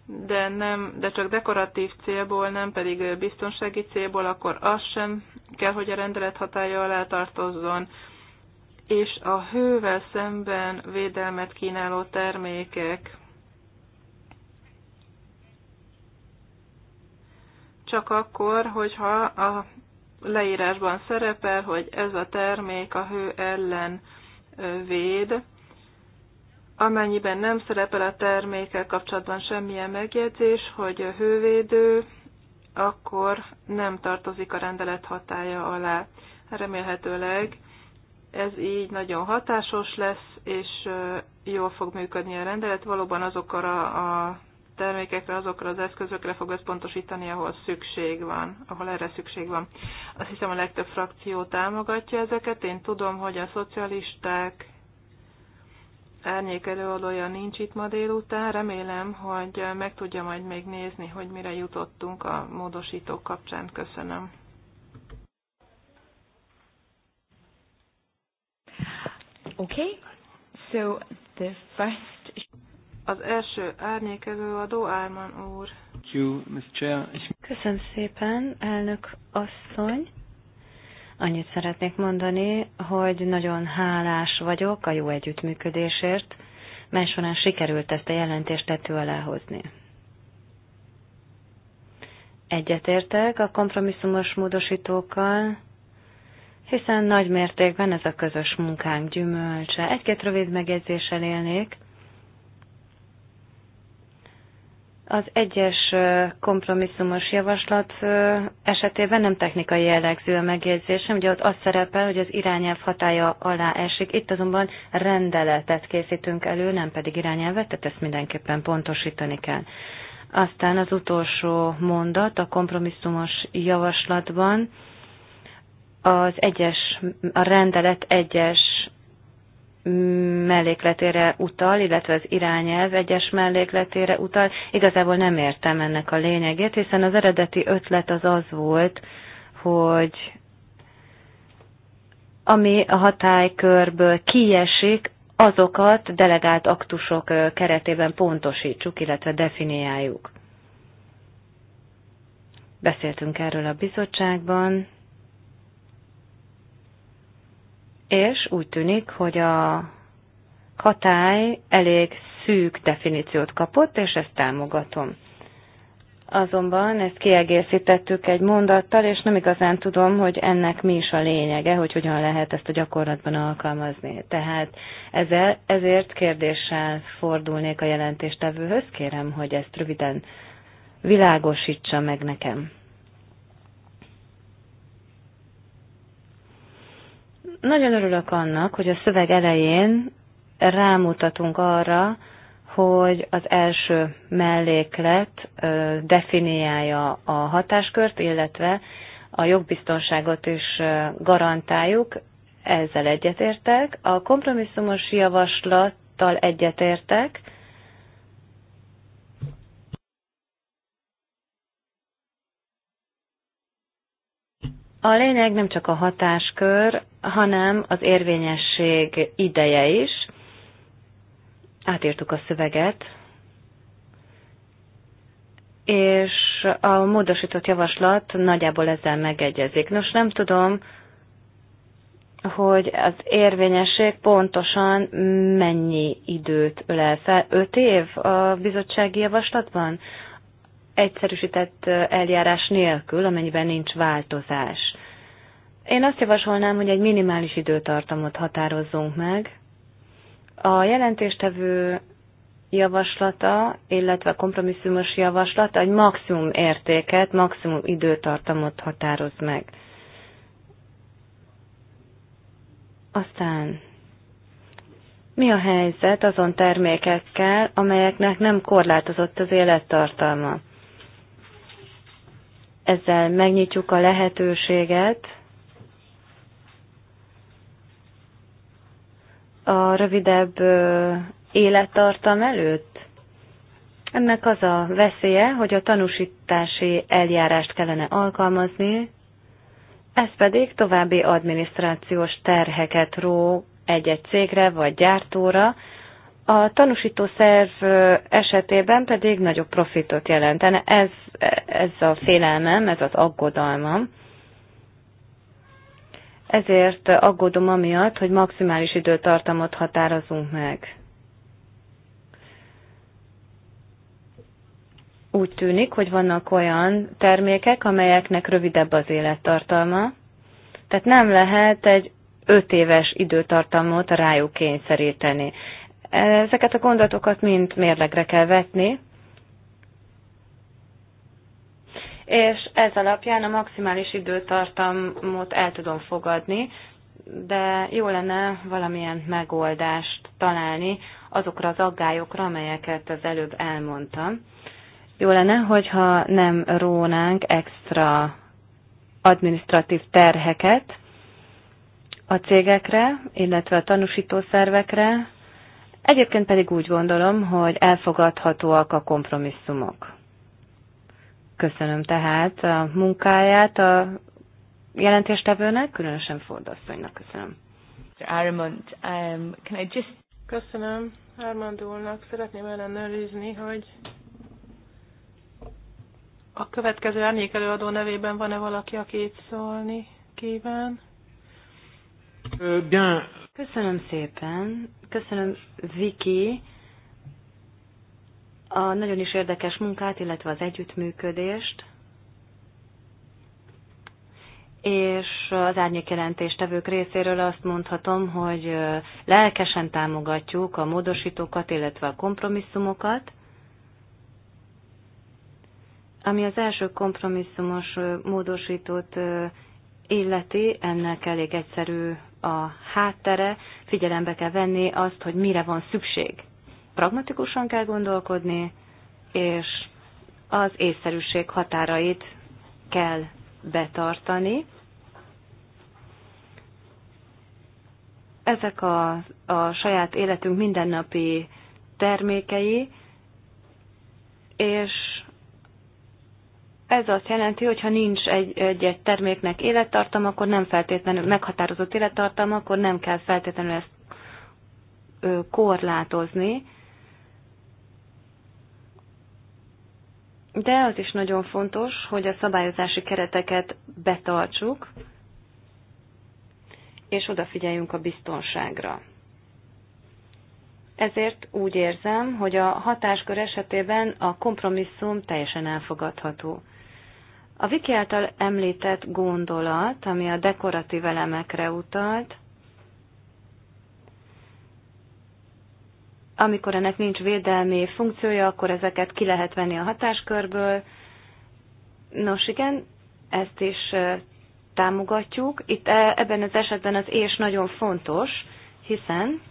de, nem, de csak dekoratív célból, nem pedig biztonsági célból, akkor az sem kell, hogy a rendelet hatája alá tartozzon. És a hővel szemben védelmet kínáló termékek csak akkor, hogyha a leírásban szerepel, hogy ez a termék a hő ellen véd, amennyiben nem szerepel a termékkel kapcsolatban semmilyen megjegyzés, hogy a hővédő, akkor nem tartozik a rendelet hatája alá. Remélhetőleg ez így nagyon hatásos lesz, és jól fog működni a rendelet. Valóban azokra a termékekre, azokra az eszközökre fog pontosítani, ahol szükség van, ahol erre szükség van. Azt hiszem a legtöbb frakció támogatja ezeket. Én tudom, hogy a szocialisták árnyék előadója nincs itt ma délután. Remélem, hogy meg tudja majd még nézni, hogy mire jutottunk a módosítók kapcsán. Köszönöm. Okay, so the first... Az első árnyék előadó Álman úr. Köszönöm szépen, elnök asszony. Annyit szeretnék mondani, hogy nagyon hálás vagyok a jó együttműködésért, mely során sikerült ezt a jelentést tető alá hozni. Egyetértek a kompromisszumos módosítókkal, hiszen nagy mértékben ez a közös munkánk gyümölcse. Egy-két rövid megjegyzéssel élnék. Az egyes kompromisszumos javaslat esetében nem technikai jellegző a megjegyzésem, ugye ott az szerepel, hogy az irányelv hatája alá esik. Itt azonban rendeletet készítünk elő, nem pedig irányelvet, tehát ezt mindenképpen pontosítani kell. Aztán az utolsó mondat a kompromisszumos javaslatban az egyes, a rendelet egyes mellékletére utal, illetve az irányelv egyes mellékletére utal. Igazából nem értem ennek a lényegét, hiszen az eredeti ötlet az az volt, hogy ami a hatálykörből kiesik, azokat delegált aktusok keretében pontosítsuk, illetve definiáljuk. Beszéltünk erről a bizottságban, és úgy tűnik, hogy a hatály elég szűk definíciót kapott, és ezt támogatom. Azonban ezt kiegészítettük egy mondattal, és nem igazán tudom, hogy ennek mi is a lényege, hogy hogyan lehet ezt a gyakorlatban alkalmazni. Tehát ezzel, ezért kérdéssel fordulnék a jelentéstevőhöz, kérem, hogy ezt röviden világosítsa meg nekem. Nagyon örülök annak, hogy a szöveg elején rámutatunk arra, hogy az első melléklet definiálja a hatáskört, illetve a jogbiztonságot is garantáljuk, ezzel egyetértek. A kompromisszumos javaslattal egyetértek, A lényeg nem csak a hatáskör, hanem az érvényesség ideje is. Átírtuk a szöveget, és a módosított javaslat nagyjából ezzel megegyezik. Nos, nem tudom, hogy az érvényesség pontosan mennyi időt ölel fel. Öt év a bizottsági javaslatban? egyszerűsített eljárás nélkül, amennyiben nincs változás. Én azt javasolnám, hogy egy minimális időtartamot határozzunk meg. A jelentéstevő javaslata, illetve a kompromisszumos javaslata egy maximum értéket, maximum időtartamot határoz meg. Aztán mi a helyzet azon termékekkel, amelyeknek nem korlátozott az élettartalma? Ezzel megnyitjuk a lehetőséget a rövidebb élettartam előtt. Ennek az a veszélye, hogy a tanúsítási eljárást kellene alkalmazni, ez pedig további adminisztrációs terheket ró egy-egy cégre vagy gyártóra, a tanúsító szerv esetében pedig nagyobb profitot jelentene. Ez, ez a félelmem, ez az aggodalmam. Ezért aggódom amiatt, hogy maximális időtartamot határozunk meg. Úgy tűnik, hogy vannak olyan termékek, amelyeknek rövidebb az élettartalma, tehát nem lehet egy öt éves időtartamot rájuk kényszeríteni. Ezeket a gondolatokat mind mérlegre kell vetni, és ez alapján a maximális időtartamot el tudom fogadni, de jó lenne valamilyen megoldást találni azokra az aggályokra, amelyeket az előbb elmondtam. Jó lenne, hogyha nem rónánk extra administratív terheket a cégekre, illetve a tanúsítószervekre, Egyébként pedig úgy gondolom, hogy elfogadhatóak a kompromisszumok. Köszönöm tehát a munkáját a jelentéstevőnek, különösen Ford asszonynak köszönöm. Armand, um, can I just... Köszönöm Armand úrnak. Szeretném ellenőrizni, hogy a következő árnyék előadó nevében van-e valaki, aki itt szólni kíván? Euh, bien, Köszönöm szépen. Köszönöm, Viki, a nagyon is érdekes munkát, illetve az együttműködést és az árnyékjelentéstevők részéről azt mondhatom, hogy lelkesen támogatjuk a módosítókat, illetve a kompromisszumokat. Ami az első kompromisszumos módosítót illeti, ennek elég egyszerű a háttere, figyelembe kell venni azt, hogy mire van szükség. Pragmatikusan kell gondolkodni, és az észszerűség határait kell betartani. Ezek a, a saját életünk mindennapi termékei, és ez azt jelenti, hogy ha nincs egy, egy, egy terméknek élettartam, akkor nem feltétlenül meghatározott élettartam, akkor nem kell feltétlenül ezt ö, korlátozni. De az is nagyon fontos, hogy a szabályozási kereteket betartsuk, és odafigyeljünk a biztonságra. Ezért úgy érzem, hogy a hatáskör esetében a kompromisszum teljesen elfogadható. A Viki által említett gondolat, ami a dekoratív elemekre utalt, amikor ennek nincs védelmi funkciója, akkor ezeket ki lehet venni a hatáskörből. Nos igen, ezt is támogatjuk. Itt e, ebben az esetben az és nagyon fontos, hiszen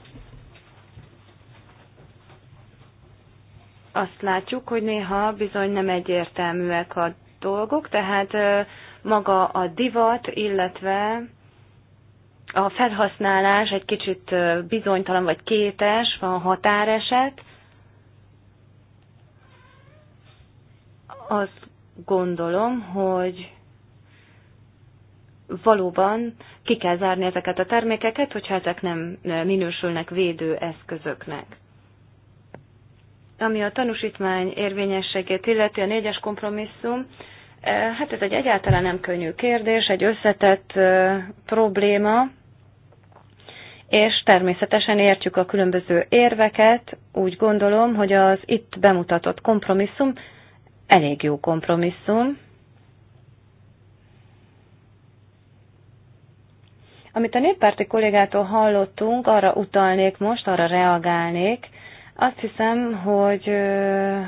azt látjuk, hogy néha bizony nem egyértelműek a dolgok, tehát maga a divat, illetve a felhasználás egy kicsit bizonytalan vagy kétes, van határeset. Azt gondolom, hogy valóban ki kell zárni ezeket a termékeket, hogyha ezek nem minősülnek védő eszközöknek. Ami a tanúsítmány érvényességét illeti, a négyes kompromisszum, Eh, hát ez egy egyáltalán nem könnyű kérdés, egy összetett eh, probléma, és természetesen értjük a különböző érveket. Úgy gondolom, hogy az itt bemutatott kompromisszum elég jó kompromisszum. Amit a néppárti kollégától hallottunk, arra utalnék most, arra reagálnék. Azt hiszem, hogy eh,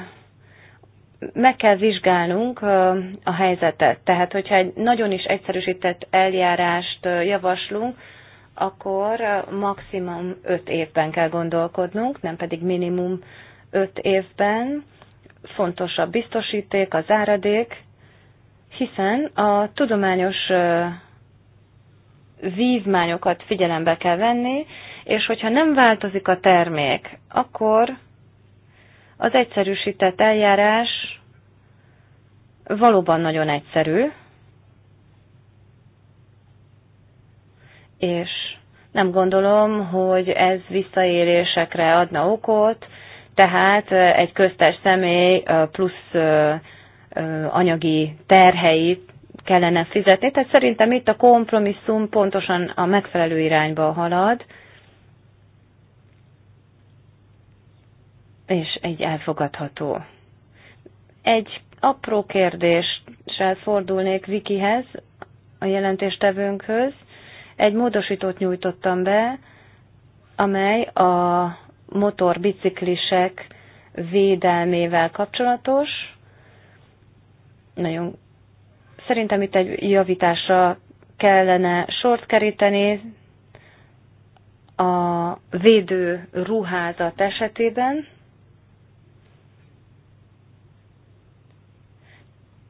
meg kell vizsgálnunk a helyzetet. Tehát, hogyha egy nagyon is egyszerűsített eljárást javaslunk, akkor maximum 5 évben kell gondolkodnunk, nem pedig minimum 5 évben. Fontos a biztosíték, az áradék, hiszen a tudományos vívmányokat figyelembe kell venni, és hogyha nem változik a termék, akkor az egyszerűsített eljárás valóban nagyon egyszerű, és nem gondolom, hogy ez visszaélésekre adna okot, tehát egy köztes személy plusz anyagi terheit kellene fizetni. Tehát szerintem itt a kompromisszum pontosan a megfelelő irányba halad, és egy elfogadható. Egy apró kérdéssel fordulnék Vikihez, a jelentéstevőnkhöz. Egy módosítót nyújtottam be, amely a motorbiciklisek védelmével kapcsolatos. Nagyon szerintem itt egy javításra kellene sort keríteni a védő ruházat esetében.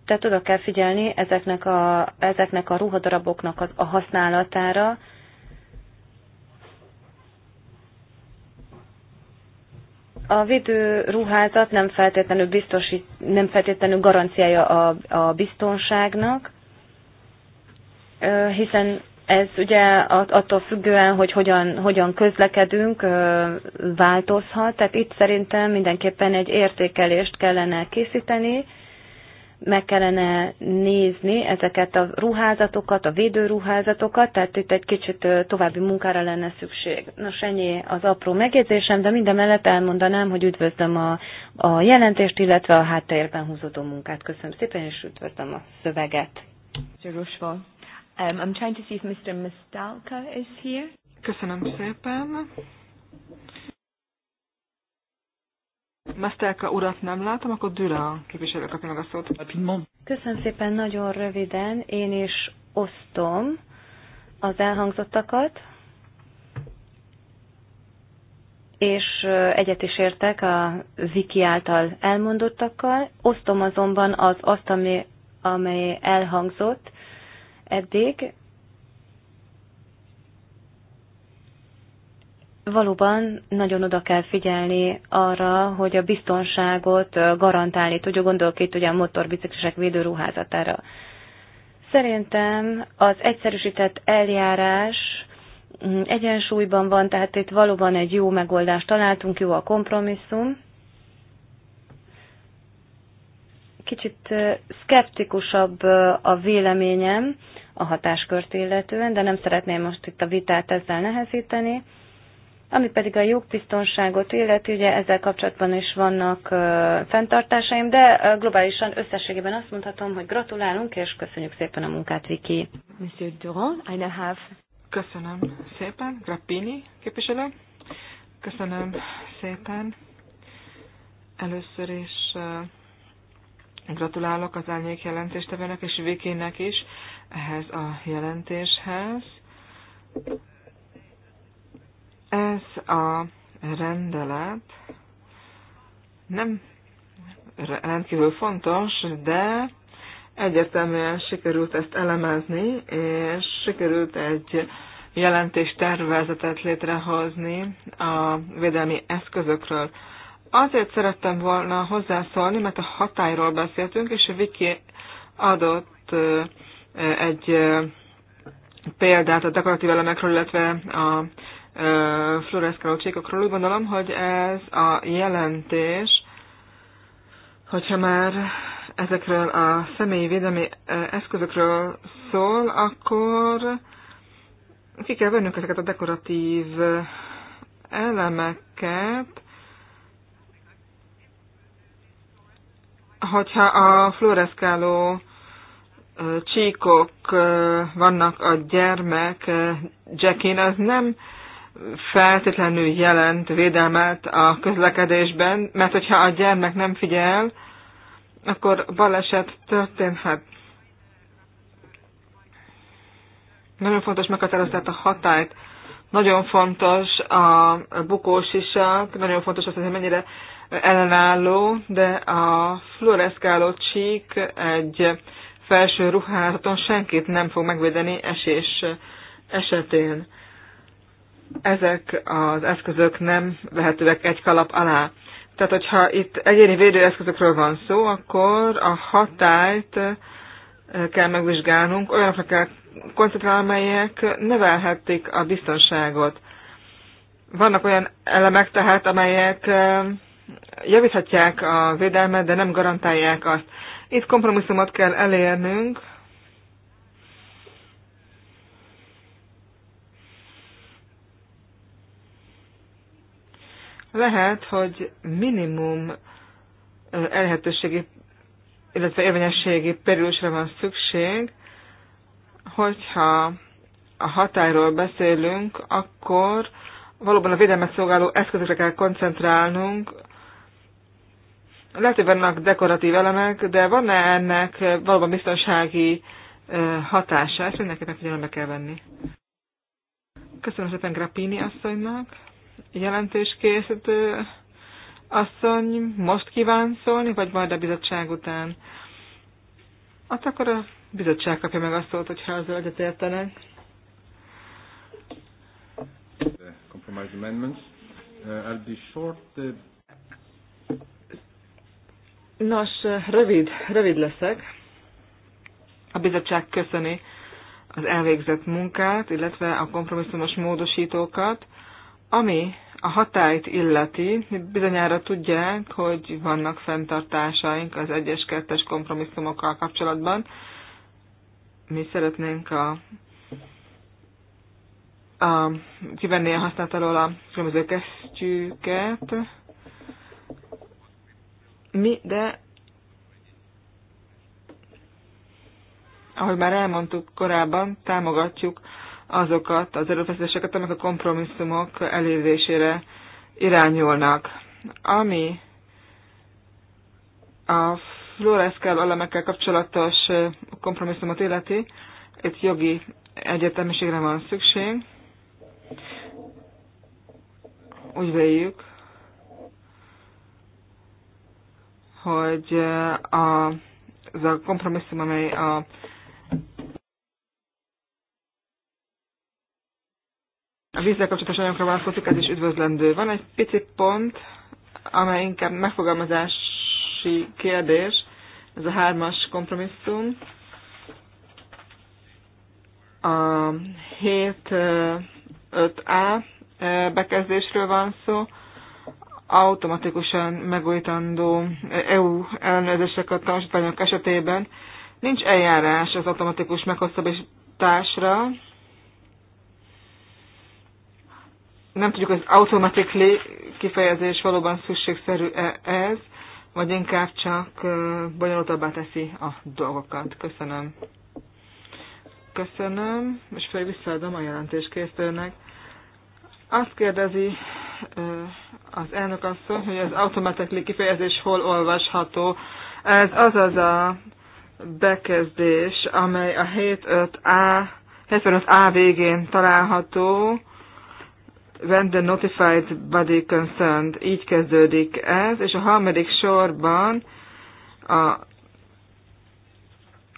Tehát oda kell figyelni ezeknek a, ezeknek a ruhadaraboknak a, a használatára, A védőruházat nem feltétlenül, biztosít, nem feltétlenül garanciája a, a biztonságnak, hiszen ez ugye attól függően, hogy hogyan, hogyan közlekedünk, változhat. Tehát itt szerintem mindenképpen egy értékelést kellene készíteni, meg kellene nézni ezeket a ruházatokat, a védőruházatokat, tehát itt egy kicsit további munkára lenne szükség. Nos, ennyi az apró megjegyzésem, de minden mellett elmondanám, hogy üdvözlöm a, a jelentést, illetve a háttérben húzódó munkát. Köszönöm szépen, és üdvözlöm a szöveget. Um, I'm trying to see if Mr. Mistalka is here. Köszönöm szépen. Mesztelka urat nem látom, akkor Düra képviselő kapja meg a szót. Köszönöm szépen, nagyon röviden. Én is osztom az elhangzottakat, és egyet is értek a Viki által elmondottakkal. Osztom azonban az azt, ami, amely elhangzott eddig, valóban nagyon oda kell figyelni arra, hogy a biztonságot garantálni tudjuk, gondolok itt ugye a motorbiciklisek védőruházatára. Szerintem az egyszerűsített eljárás mm, egyensúlyban van, tehát itt valóban egy jó megoldást találtunk, jó a kompromisszum. Kicsit szkeptikusabb a véleményem a hatáskört illetően, de nem szeretném most itt a vitát ezzel nehezíteni. Ami pedig a jogbiztonságot illeti, ugye ezzel kapcsolatban is vannak fenntartásaim, de globálisan összességében azt mondhatom, hogy gratulálunk, és köszönjük szépen a munkát, Viki. Monsieur Durand, I have... Köszönöm szépen, Grappini képviselő. Köszönöm szépen. Először is gratulálok az árnyék jelentéstevőnek és Vikinek is ehhez a jelentéshez ez a rendelet nem rendkívül fontos, de egyértelműen sikerült ezt elemezni, és sikerült egy jelentés tervezetet létrehozni a védelmi eszközökről. Azért szerettem volna hozzászólni, mert a hatályról beszéltünk, és a Viki adott egy példát a dekoratív elemekről, illetve a fluoreszkálócsékokról. Úgy gondolom, hogy ez a jelentés, hogyha már ezekről a személyi védelmi eszközökről szól, akkor ki kell vennünk ezeket a dekoratív elemeket, hogyha a fluoreszkáló csíkok vannak a gyermek Jackin, az nem feltétlenül jelent védelmet a közlekedésben, mert hogyha a gyermek nem figyel, akkor baleset történhet. Nagyon fontos meghatározni a hatályt, nagyon fontos a bukós isak, nagyon fontos az, hogy mennyire ellenálló, de a fluoreszkáló csík egy felső ruházaton senkit nem fog megvédeni esés esetén ezek az eszközök nem vehetőek egy kalap alá. Tehát, hogyha itt egyéni védőeszközökről van szó, akkor a hatályt eh, kell megvizsgálnunk, olyanokra kell koncentrálni, amelyek nevelhetik a biztonságot. Vannak olyan elemek tehát, amelyek eh, javíthatják a védelmet, de nem garantálják azt. Itt kompromisszumot kell elérnünk, Lehet, hogy minimum elhetőségi, illetve érvényességi perülésre van szükség, hogyha a határól beszélünk, akkor valóban a védelmet szolgáló eszközökre kell koncentrálnunk. Lehet, hogy vannak dekoratív elemek, de van-e ennek valóban biztonsági hatása? Ezt mindenképpen figyelembe kell venni. Köszönöm szépen Grappini asszonynak jelentéskészítő asszony most kíván szólni, vagy majd a bizottság után? Hát akkor a bizottság kapja meg azt szólt, hogyha az egyet értenek. Uh, uh, Nos, rövid, rövid leszek. A bizottság köszöni az elvégzett munkát, illetve a kompromisszumos módosítókat. Ami a hatályt illeti, bizonyára tudják, hogy vannak fenntartásaink az egyes kettes kompromisszumokkal kapcsolatban. Mi szeretnénk a, a kivenni a használat alól a különböző kesztyűket. Mi, de ahogy már elmondtuk korábban, támogatjuk azokat az erőfeszítéseket, amik a kompromisszumok elérésére irányulnak. Ami a Floreszkel alamekkel kapcsolatos kompromisszumot illeti, itt jogi egyetemiségre van szükség. Úgy véljük, hogy a, az a kompromisszum, amely a a vízzel kapcsolatos anyagokra vonatkozik, ez is üdvözlendő. Van egy pici pont, amely inkább megfogalmazási kérdés, ez a hármas kompromisszum. A 7.5a bekezdésről van szó, automatikusan megújítandó EU ellenőrzések a tanulmányok esetében nincs eljárás az automatikus meghosszabbításra, nem tudjuk, hogy az automatically kifejezés valóban szükségszerű -e ez, vagy inkább csak bonyolultabbá teszi a dolgokat. Köszönöm. Köszönöm, és fel visszaadom a jelentéskészítőnek. Azt kérdezi az elnök asszony, hogy az automatically kifejezés hol olvasható. Ez az az a bekezdés, amely a 75A, 75A végén található, when the notified body concerned, így kezdődik ez, és a harmadik sorban a,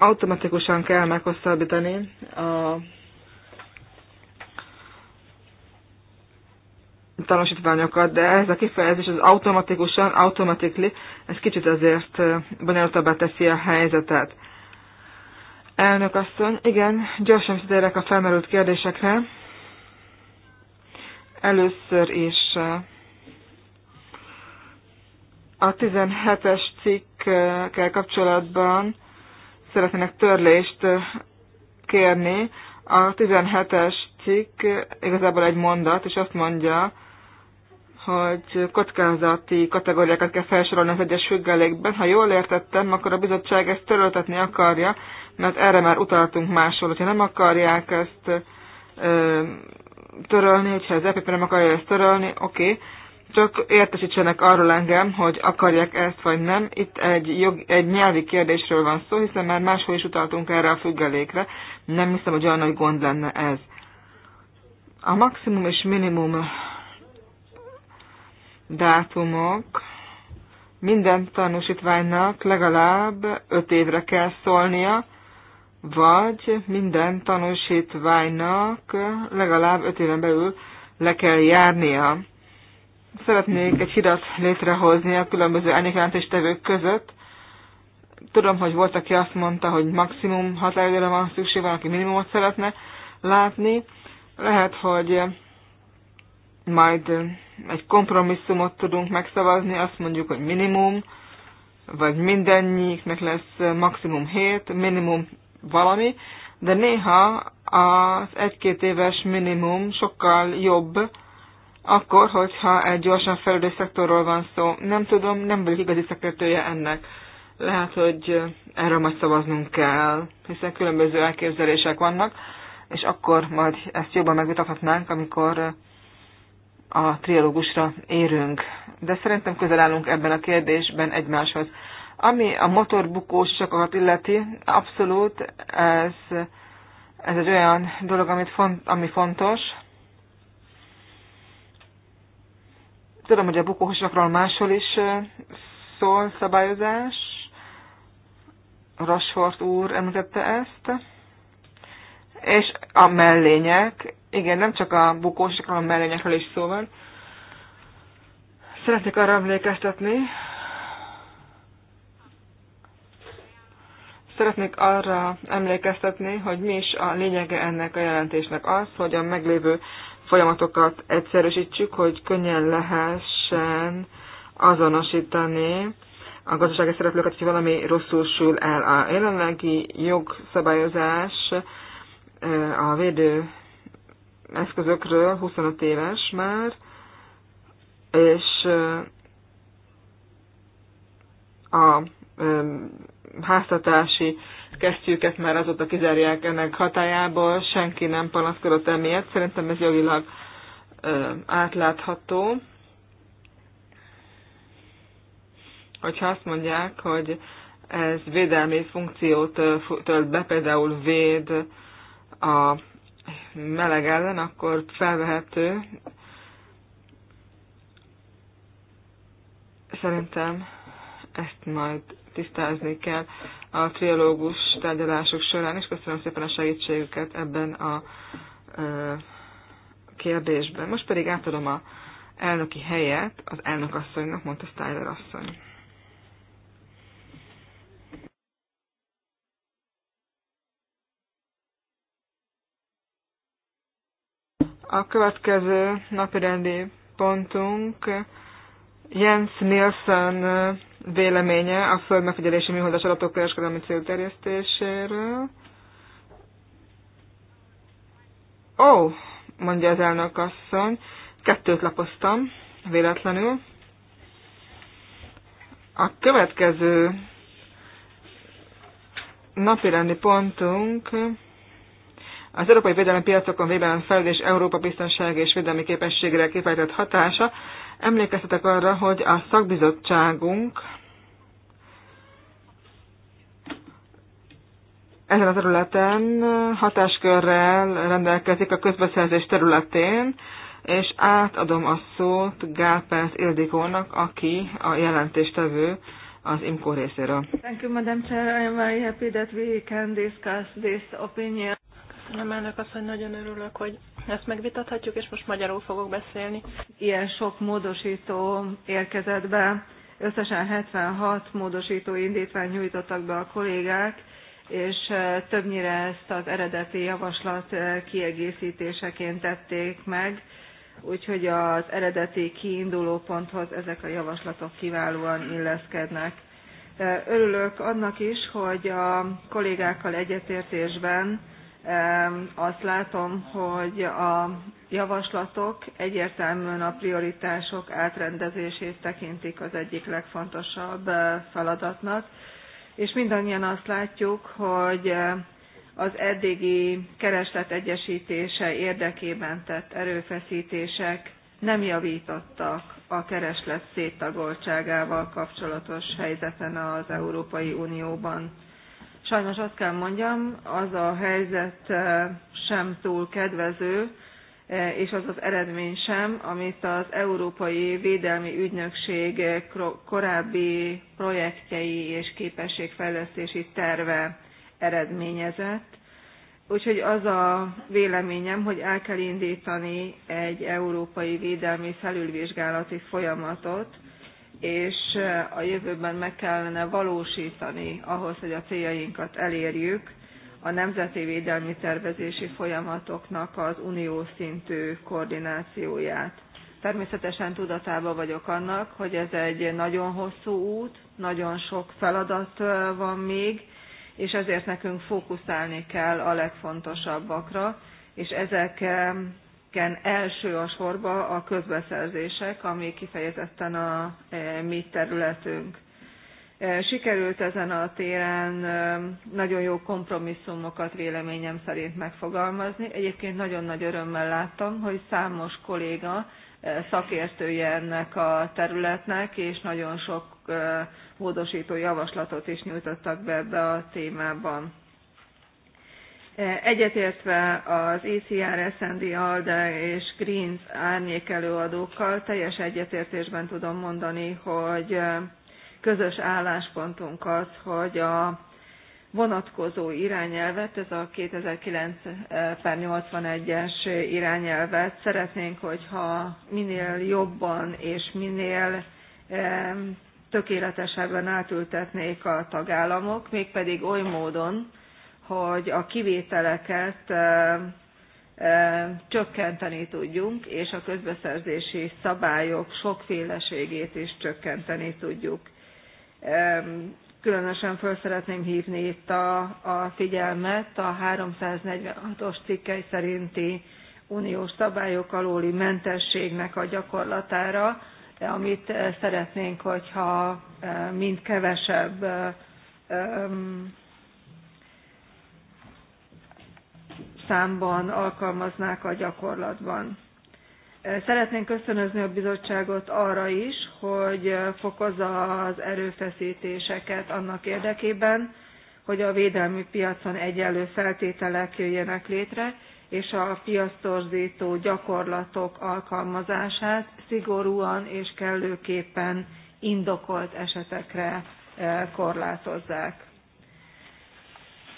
automatikusan kell meghosszabbítani a tanúsítványokat, de ez a kifejezés az automatikusan, automatically, ez kicsit azért bonyolultabbá teszi a helyzetet. Elnök asszony, igen, gyorsan visszatérek a felmerült kérdésekre. Először is a 17-es cikkkel kapcsolatban szeretnének törlést kérni. A 17-es cikk igazából egy mondat, és azt mondja, hogy kockázati kategóriákat kell felsorolni az egyes függelékben. Ha jól értettem, akkor a bizottság ezt töröltetni akarja, mert erre már utaltunk máshol. Ha nem akarják ezt törölni, hogyha az EPP nem akarja ezt törölni, oké, okay. csak értesítsenek arról engem, hogy akarják ezt vagy nem. Itt egy, jog, egy nyelvi kérdésről van szó, hiszen már máshol is utaltunk erre a függelékre. Nem hiszem, hogy olyan nagy gond lenne ez. A maximum és minimum dátumok minden tanúsítványnak legalább 5 évre kell szólnia, vagy minden tanúsítványnak legalább öt éven belül le kell járnia. Szeretnék egy hidat létrehozni a különböző elnyékjelentéstevők között. Tudom, hogy volt, aki azt mondta, hogy maximum határidőre van szükség, van, aki minimumot szeretne látni. Lehet, hogy majd egy kompromisszumot tudunk megszavazni, azt mondjuk, hogy minimum, vagy mindennyiknek lesz maximum 7, minimum valami, de néha az egy-két éves minimum sokkal jobb, akkor, hogyha egy gyorsan felülő szektorról van szó. Nem tudom, nem vagyok igazi szakértője ennek. Lehet, hogy erről majd szavaznunk kell, hiszen különböző elképzelések vannak, és akkor majd ezt jobban megvitathatnánk, amikor a trialógusra érünk. De szerintem közel állunk ebben a kérdésben egymáshoz. Ami a motorbukósokat illeti, abszolút ez, ez egy olyan dolog, amit font, ami fontos. Tudom, hogy a bukósokról máshol is szól szabályozás. Rashford úr említette ezt. És a mellények, igen, nem csak a bukósokról, a mellényekről is szó van. Szeretnék arra emlékeztetni, Szeretnék arra emlékeztetni, hogy mi is a lényege ennek a jelentésnek az, hogy a meglévő folyamatokat egyszerűsítsük, hogy könnyen lehessen azonosítani a gazdasági szereplőket, hogy valami rosszul sül el. A jelenlegi jogszabályozás a védő eszközökről 25 éves már, és a háztatási kesztyűket már azóta kizárják ennek hatájából, senki nem panaszkodott emiatt, szerintem ez jogilag ö, átlátható. Hogyha azt mondják, hogy ez védelmi funkciót tölt be, például véd a meleg ellen, akkor felvehető. Szerintem ezt majd tisztázni kell a triológus tárgyalások során, és köszönöm szépen a segítségüket ebben a kérdésben. Most pedig átadom a elnöki helyet az elnök asszonynak, mondta Styler asszony. A következő napirendi pontunk Jens Nielsen véleménye a Föld megfigyelési műholdas adatok kereskedelmi célterjesztéséről. Ó, oh, mondja az elnök asszony, kettőt lapoztam, véletlenül. A következő napirendi pontunk az európai védelmi piacokon védelem felelős Európa biztonság és védelmi képességre kifejtett hatása, Emlékeztetek arra, hogy a szakbizottságunk ezen a területen hatáskörrel rendelkezik a közbeszerzés területén, és átadom a szót Gálpász Ildikónak, aki a jelentéstevő az IMCO részéről. Thank you, Madam Chair. I am very happy that we can discuss this opinion. Köszönöm elnök azt, hogy nagyon örülök, hogy ezt megvitathatjuk, és most magyarul fogok beszélni. Ilyen sok módosító érkezett be, összesen 76 módosító indítvány nyújtottak be a kollégák, és többnyire ezt az eredeti javaslat kiegészítéseként tették meg, úgyhogy az eredeti kiinduló ponthoz ezek a javaslatok kiválóan illeszkednek. Örülök annak is, hogy a kollégákkal egyetértésben azt látom, hogy a javaslatok egyértelműen a prioritások átrendezését tekintik az egyik legfontosabb eh, feladatnak, és mindannyian azt látjuk, hogy eh, az eddigi kereslet egyesítése érdekében tett erőfeszítések nem javítottak a kereslet széttagoltságával kapcsolatos helyzeten az Európai Unióban Sajnos azt kell mondjam, az a helyzet eh, sem túl kedvező, eh, és az az eredmény sem, amit az Európai Védelmi Ügynökség eh, korábbi projektjei és képességfejlesztési terve eredményezett. Úgyhogy az a véleményem, hogy el kell indítani egy európai védelmi felülvizsgálati folyamatot, és a jövőben meg kellene valósítani ahhoz, hogy a céljainkat elérjük a nemzeti védelmi tervezési folyamatoknak az unió szintű koordinációját. Természetesen tudatában vagyok annak, hogy ez egy nagyon hosszú út, nagyon sok feladat van még, és ezért nekünk fókuszálni kell a legfontosabbakra, és ezek igen első a sorba a közbeszerzések, ami kifejezetten a e, mi területünk. E, sikerült ezen a téren e, nagyon jó kompromisszumokat véleményem szerint megfogalmazni. Egyébként nagyon nagy örömmel láttam, hogy számos kolléga szakértője ennek a területnek, és nagyon sok módosító javaslatot is nyújtottak be ebbe a témában Egyetértve az ECR, S&D, ALDE és Greens árnyék előadókkal teljes egyetértésben tudom mondani, hogy közös álláspontunk az, hogy a vonatkozó irányelvet, ez a 2009 per 81-es irányelvet szeretnénk, hogyha minél jobban és minél tökéletesebben átültetnék a tagállamok, mégpedig oly módon, hogy a kivételeket csökkenteni tudjunk, és a közbeszerzési szabályok sokféleségét is csökkenteni tudjuk. Különösen föl szeretném hívni itt a, a figyelmet a 346-os cikkely szerinti uniós szabályok alóli mentességnek a gyakorlatára, amit szeretnénk, hogyha mind kevesebb számban alkalmaznák a gyakorlatban. Szeretnénk köszönözni a bizottságot arra is, hogy fokozza az erőfeszítéseket annak érdekében, hogy a védelmi piacon egyenlő feltételek jöjjenek létre, és a piasztorzító gyakorlatok alkalmazását szigorúan és kellőképpen indokolt esetekre eh, korlátozzák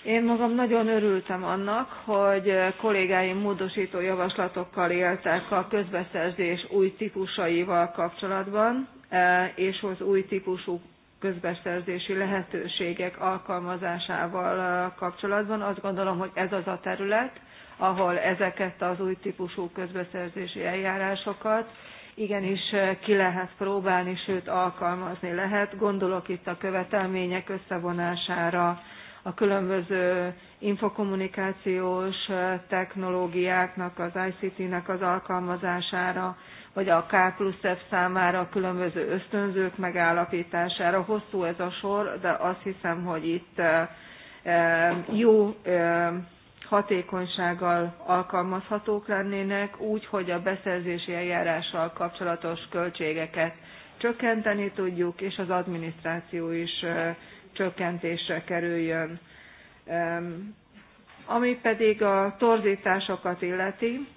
én magam nagyon örültem annak hogy kollégáim módosító javaslatokkal éltek a közbeszerzés új típusaival kapcsolatban e, és az új típusú közbeszerzési lehetőségek alkalmazásával e, kapcsolatban. azt gondolom hogy ez az a terület ahol ezeket az új típusú közbeszerzési eljárásokat igenis e, ki lehet próbálni sőt alkalmazni lehet gondolok itt a követelmények összevonására a különböző infokommunikációs technológiáknak, az ICT-nek az alkalmazására, vagy a K plusz F számára a különböző ösztönzők megállapítására. Hosszú ez a sor, de azt hiszem, hogy itt jó hatékonysággal alkalmazhatók lennének, úgy, hogy a beszerzési eljárással kapcsolatos költségeket csökkenteni tudjuk, és az adminisztráció is csökkentésre kerüljön. Ami pedig a torzításokat illeti,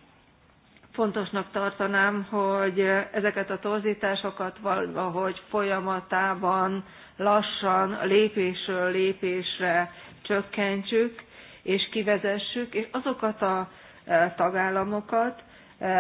fontosnak tartanám hogy ezeket a torzításokat valahogy folyamatában lassan lépésről lépésre csökkentsük és kivezessük és azokat a e, tagállamokat e,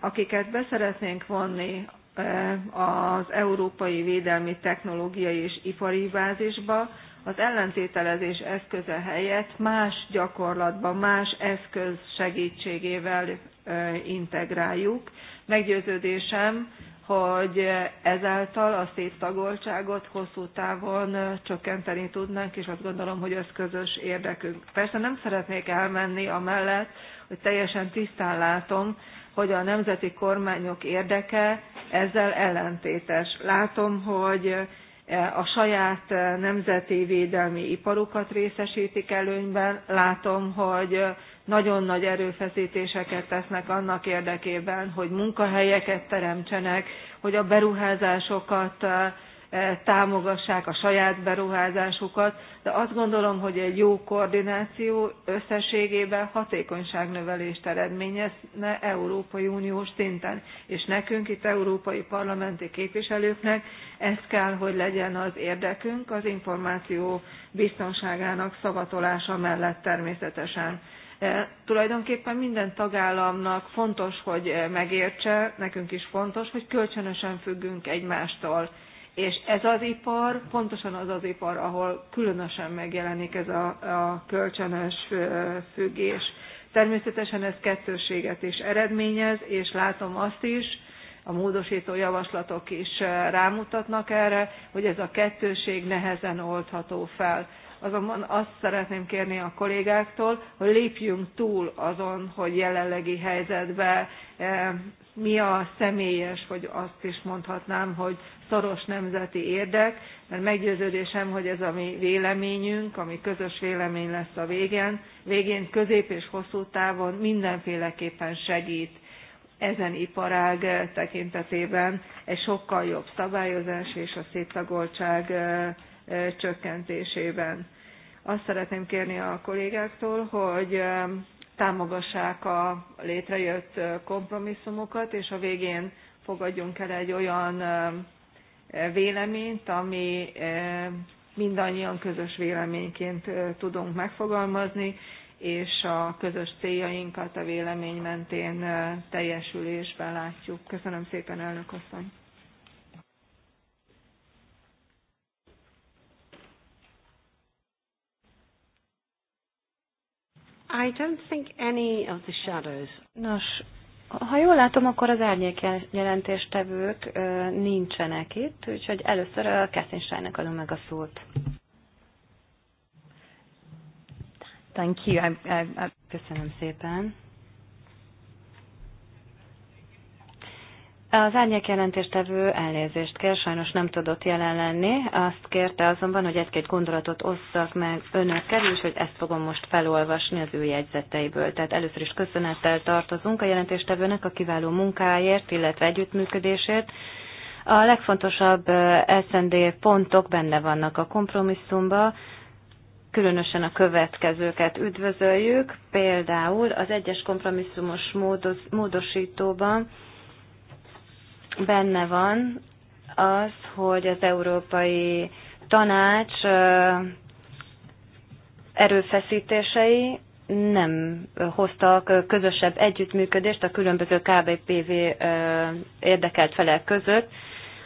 akiket beszeretnénk vonni Eh, az európai védelmi technológiai és ipari bázisba az ellentételezés eszköze helyett más gyakorlatban más eszköz segítségével eh, integráljuk. meggyőződésem hogy ezáltal a széttagoltságot hosszú távon eh, csökkenteni tudnánk és azt gondolom hogy ez közös érdekünk. persze nem szeretnék elmenni amellett hogy teljesen tisztán látom hogy a nemzeti kormányok érdeke ezzel ellentétes. látom hogy e, a saját e, nemzeti védelmi iparukat részesítik előnyben látom hogy e, nagyon nagy erőfeszítéseket tesznek annak érdekében hogy munkahelyeket teremtsenek hogy a beruházásokat támogassák a saját beruházásukat de azt gondolom hogy egy jó koordináció összességében hatékonyságnövelést eredményezne európai uniós szinten és nekünk itt európai parlamenti képviselőknek ez kell hogy legyen az érdekünk az információ biztonságának szavatolása mellett természetesen tulajdonképpen minden tagállamnak fontos hogy megértse nekünk is fontos hogy kölcsönösen függünk egymástól és ez az ipar pontosan az az ipar ahol különösen megjelenik ez a, a kölcsönös függés. Természetesen ez kettőséget is eredményez, és látom azt is, a módosító javaslatok is rámutatnak erre, hogy ez a kettőség nehezen oldható fel. Azonban azt szeretném kérni a kollégáktól, hogy lépjünk túl azon, hogy jelenlegi helyzetben mi a személyes, vagy azt is mondhatnám, hogy szoros nemzeti érdek mert meggyőződésem hogy ez a mi véleményünk ami közös vélemény lesz a végén, végén közép és hosszú távon mindenféleképpen segít ezen iparág tekintetében egy sokkal jobb szabályozás és a széttagoltság csökkentésében. Azt szeretném kérni a kollégáktól, hogy támogassák a létrejött kompromisszumokat, és a végén fogadjunk el egy olyan véleményt, ami e, mindannyian közös véleményként e, tudunk megfogalmazni, és a közös céljainkat a vélemény mentén e, teljesülésben látjuk. Köszönöm szépen, elnök asszony! I don't think any of the shadows. Nos, ha jól látom, akkor az árnyék jelentéstevők nincsenek itt, úgyhogy először a Kessinsájnak adom meg a szót. Thank you. I, I, I... Köszönöm szépen. Az árnyék jelentéstevő elnézést kér, sajnos nem tudott jelen lenni. Azt kérte azonban, hogy egy-két gondolatot osszak meg önökkel, hogy ezt fogom most felolvasni az ő jegyzeteiből. Tehát először is köszönettel tartozunk a jelentéstevőnek a kiváló munkáért, illetve együttműködésért. A legfontosabb SND pontok benne vannak a kompromisszumba, különösen a következőket üdvözöljük, például az egyes kompromisszumos módos, módosítóban, benne van az, hogy az Európai Tanács erőfeszítései nem hoztak közösebb együttműködést a különböző KBPV érdekelt felek között.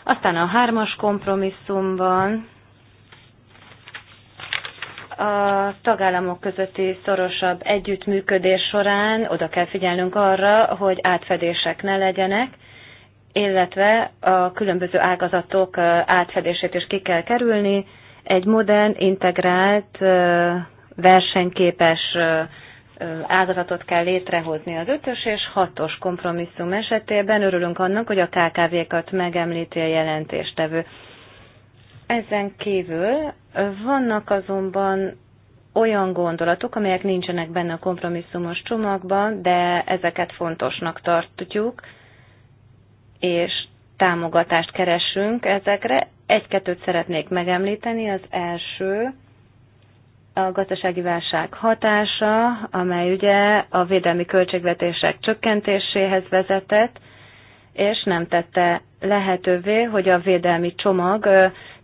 Aztán a hármas kompromisszumban a tagállamok közötti szorosabb együttműködés során oda kell figyelnünk arra, hogy átfedések ne legyenek, illetve a különböző ágazatok átfedését is ki kell kerülni. Egy modern, integrált, versenyképes ágazatot kell létrehozni az ötös és hatos kompromisszum esetében. Örülünk annak, hogy a KKV-kat megemlíti a jelentéstevő. Ezen kívül vannak azonban olyan gondolatok, amelyek nincsenek benne a kompromisszumos csomagban, de ezeket fontosnak tartjuk, és támogatást keresünk ezekre. Egy-kettőt szeretnék megemlíteni. Az első a gazdasági válság hatása, amely ugye a védelmi költségvetések csökkentéséhez vezetett, és nem tette lehetővé, hogy a védelmi csomag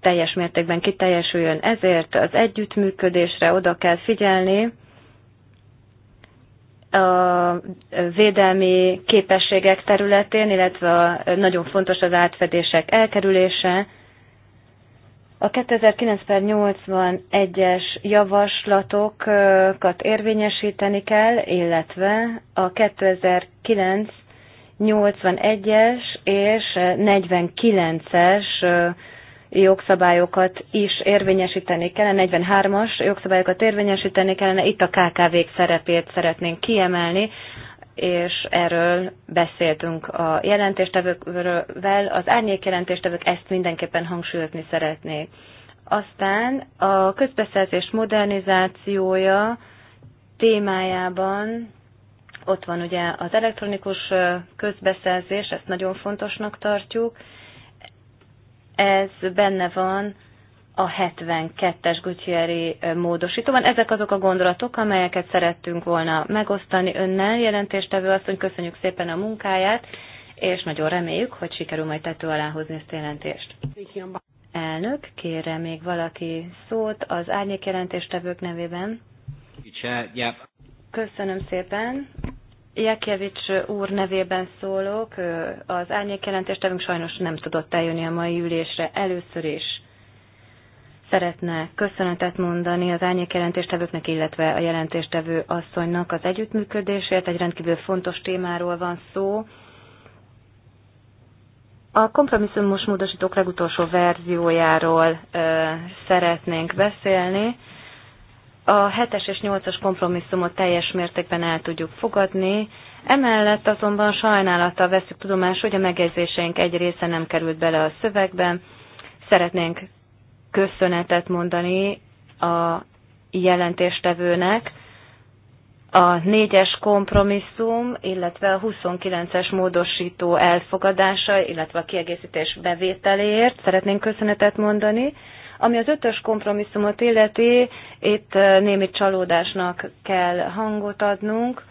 teljes mértékben kiteljesüljön. Ezért az együttműködésre oda kell figyelni, a védelmi képességek területén, illetve nagyon fontos az átfedések elkerülése. A 2009 81-es javaslatokat érvényesíteni kell, illetve a 2009 81-es és 49-es jogszabályokat is érvényesíteni kellene, 43-as jogszabályokat érvényesíteni kellene, itt a KKV-k szerepét szeretnénk kiemelni, és erről beszéltünk a jelentéstevőkről, az árnyék jelentéstevők ezt mindenképpen hangsúlyozni szeretnék. Aztán a közbeszerzés modernizációja témájában ott van ugye az elektronikus közbeszerzés, ezt nagyon fontosnak tartjuk, ez benne van a 72-es Gutieri módosítóban. Ezek azok a gondolatok, amelyeket szerettünk volna megosztani önnel. Jelentéstevő hogy köszönjük szépen a munkáját, és nagyon reméljük, hogy sikerül majd tető alá hozni ezt a jelentést. Elnök, kérre még valaki szót az árnyék jelentéstevők nevében? Köszönöm szépen, Jekevics úr nevében szólok. Az árnyékjelentéstevünk sajnos nem tudott eljönni a mai ülésre. Először is szeretne köszönetet mondani az árnyékjelentéstevőknek, illetve a jelentéstevő asszonynak az együttműködésért. Egy rendkívül fontos témáról van szó. A kompromisszumos módosítók legutolsó verziójáról ö, szeretnénk beszélni a 7-es és 8-as kompromisszumot teljes mértékben el tudjuk fogadni, emellett azonban sajnálattal veszük tudomást, hogy a megjegyzéseink egy része nem került bele a szövegbe. Szeretnénk köszönetet mondani a jelentéstevőnek, a négyes kompromisszum, illetve a 29-es módosító elfogadása, illetve a kiegészítés bevételéért szeretnénk köszönetet mondani. Ami az ötös kompromisszumot illeti, itt némi csalódásnak kell hangot adnunk.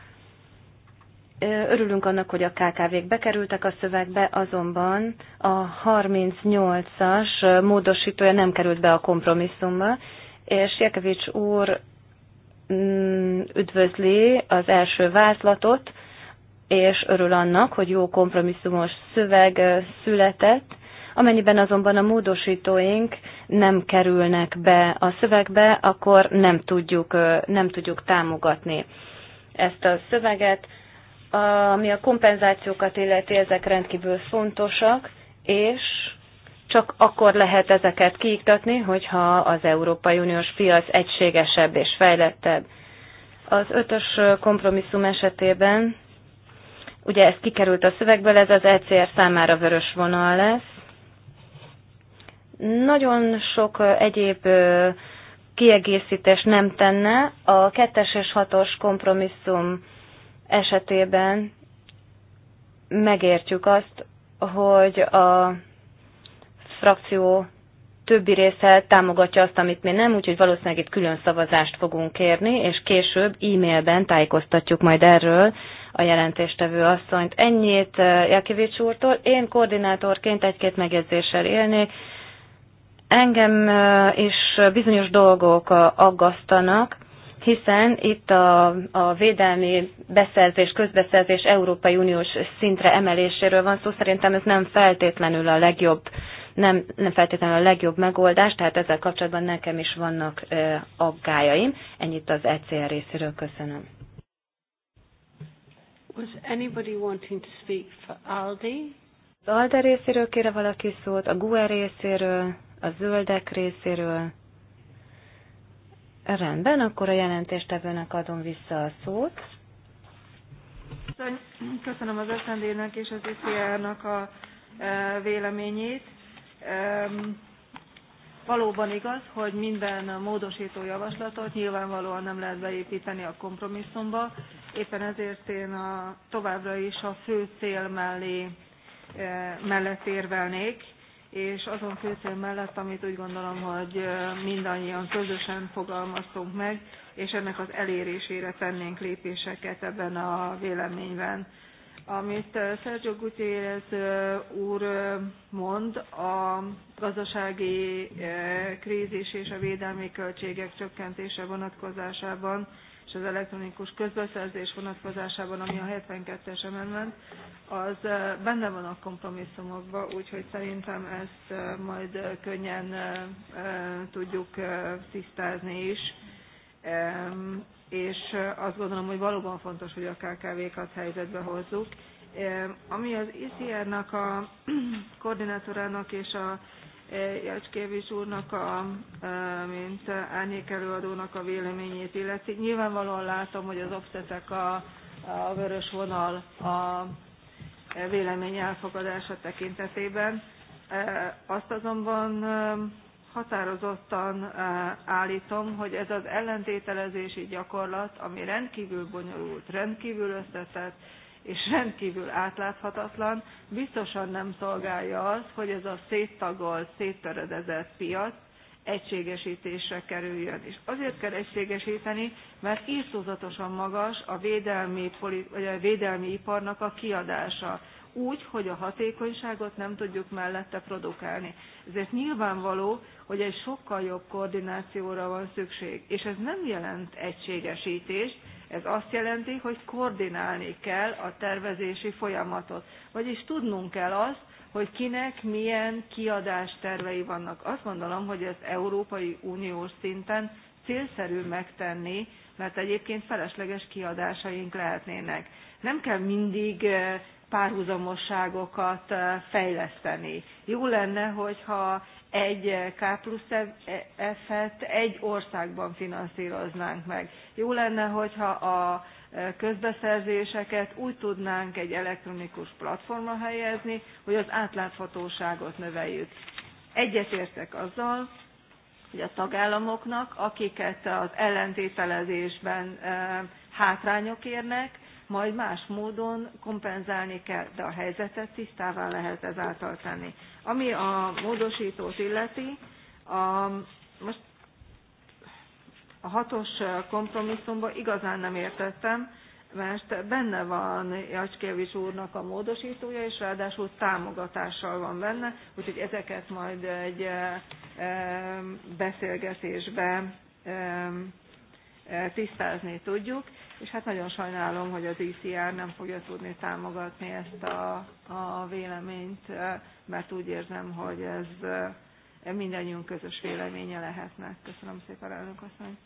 Örülünk annak, hogy a KKV-k bekerültek a szövegbe, azonban a 38-as módosítója nem került be a kompromisszumba, és Jekevics úr mm, üdvözli az első vázlatot, és örül annak, hogy jó kompromisszumos szöveg született, Amennyiben azonban a módosítóink nem kerülnek be a szövegbe, akkor nem tudjuk, nem tudjuk támogatni ezt a szöveget. Ami a kompenzációkat illeti, ezek rendkívül fontosak, és csak akkor lehet ezeket kiiktatni, hogyha az Európai Uniós piac egységesebb és fejlettebb. Az ötös kompromisszum esetében, ugye ez kikerült a szövegből, ez az ECR számára vörös vonal lesz, nagyon sok egyéb kiegészítés nem tenne. A kettes és hatos kompromisszum esetében megértjük azt, hogy a frakció többi része támogatja azt, amit mi nem, úgyhogy valószínűleg itt külön szavazást fogunk kérni, és később e-mailben tájékoztatjuk majd erről a jelentéstevő asszonyt. Ennyit Jakivics úrtól. Én koordinátorként egy-két megjegyzéssel élnék. Engem is bizonyos dolgok aggasztanak, hiszen itt a, a védelmi beszerzés, közbeszerzés Európai Uniós szintre emeléséről van szó. Szerintem ez nem feltétlenül a legjobb, nem, nem feltétlenül a legjobb megoldás, tehát ezzel kapcsolatban nekem is vannak ö, aggájaim. Ennyit az ECR részéről köszönöm. Was anybody wanting to speak for Aldi? Az Alde részéről kére valaki szólt, a GUE részéről a zöldek részéről. Rendben, akkor a jelentéstevőnek adom vissza a szót. Köszönöm az eszendének és az ICR-nak a e, véleményét. E, valóban igaz, hogy minden módosító javaslatot nyilvánvalóan nem lehet beépíteni a kompromisszumba, éppen ezért én a, továbbra is a fő cél mellé, e, mellett érvelnék és azon főcél mellett, amit úgy gondolom, hogy mindannyian közösen fogalmaztunk meg, és ennek az elérésére tennénk lépéseket ebben a véleményben. Amit Sergio Gutiérrez úr mond, a gazdasági krízis és a védelmi költségek csökkentése vonatkozásában és az elektronikus közbeszerzés vonatkozásában, ami a 72-es amendment, az benne van a kompromisszumokban, úgyhogy szerintem ezt majd könnyen tudjuk tisztázni is és azt gondolom, hogy valóban fontos, hogy a KKV-kat helyzetbe hozzuk. Ami az ICR-nak, a koordinátorának és a Jacskévics úrnak, a, e, mint árnyékelőadónak a véleményét illeti. Nyilvánvalóan látom, hogy az offsetek a, a vörös vonal a vélemény elfogadása tekintetében. E, azt azonban e, határozottan állítom, hogy ez az ellentételezési gyakorlat, ami rendkívül bonyolult, rendkívül összetett, és rendkívül átláthatatlan biztosan nem szolgálja az hogy ez a széttagolt széttöredezett piac egységesítésre kerüljön. És azért kell egységesíteni, mert írtózatosan magas a védelmi, vagy a védelmi iparnak a kiadása úgy, hogy a hatékonyságot nem tudjuk mellette produkálni. Ezért nyilvánvaló, hogy egy sokkal jobb koordinációra van szükség. És ez nem jelent egységesítést, ez azt jelenti, hogy koordinálni kell a tervezési folyamatot. Vagyis tudnunk kell azt, hogy kinek milyen kiadás tervei vannak. Azt gondolom, hogy ez Európai Uniós szinten célszerű megtenni, mert egyébként felesleges kiadásaink lehetnének. Nem kell mindig eh, párhuzamosságokat fejleszteni. Jó lenne, hogyha egy K plusz F-et egy országban finanszíroznánk meg. Jó lenne, hogyha a közbeszerzéseket úgy tudnánk egy elektronikus platformra helyezni, hogy az átláthatóságot növeljük. Egyetértek azzal, hogy a tagállamoknak, akiket az ellentételezésben hátrányok érnek, majd más módon kompenzálni kell de a helyzetet tisztává lehet ezáltal tenni. ami a módosítót illeti a, most a hatos kompromisszumban igazán nem értettem mert benne van Jacskevich úrnak a módosítója, és ráadásul támogatással van benne, úgyhogy ezeket majd egy e, e, beszélgetésbe e, tisztázni tudjuk és hát nagyon sajnálom, hogy az ICR nem fogja tudni támogatni ezt a, a véleményt, mert úgy érzem, hogy ez e, mindannyiunk közös véleménye lehetne. Köszönöm szépen, elnök asszony.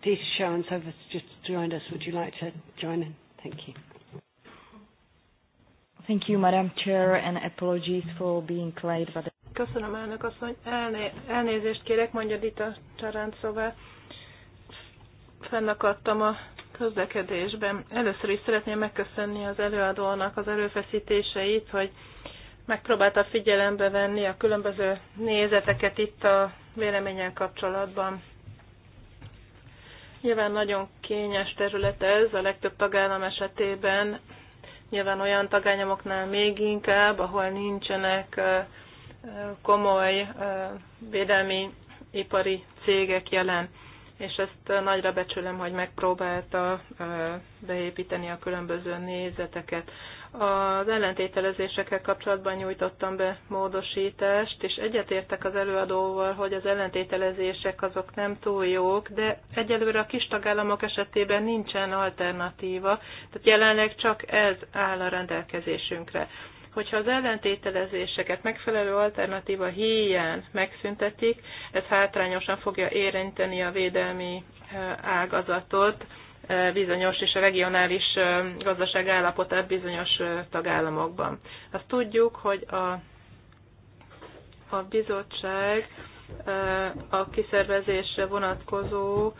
Peter just joined us. Would you like to join in? Thank you. Thank you, Madam Chair, and apologies for being late, but Köszönöm, elnök asszony. Elné- elnézést kérek, mondja Dita Csaráncová. Fennakadtam a közlekedésben. Először is szeretném megköszönni az előadónak az erőfeszítéseit, hogy megpróbálta figyelembe venni a különböző nézeteket itt a véleményen kapcsolatban. Nyilván nagyon kényes terület ez, a legtöbb tagállam esetében, nyilván olyan tagállamoknál még inkább, ahol nincsenek komoly védelmi ipari cégek jelen, és ezt nagyra becsülöm, hogy megpróbálta beépíteni a különböző nézeteket. Az ellentételezésekkel kapcsolatban nyújtottam be módosítást, és egyetértek az előadóval, hogy az ellentételezések azok nem túl jók, de egyelőre a kis tagállamok esetében nincsen alternatíva, tehát jelenleg csak ez áll a rendelkezésünkre. Hogyha az ellentételezéseket megfelelő alternatíva híján megszüntetik, ez hátrányosan fogja érinteni a védelmi ágazatot, bizonyos és a regionális gazdaság állapotát bizonyos tagállamokban. Azt tudjuk, hogy a, a bizottság a kiszervezésre vonatkozó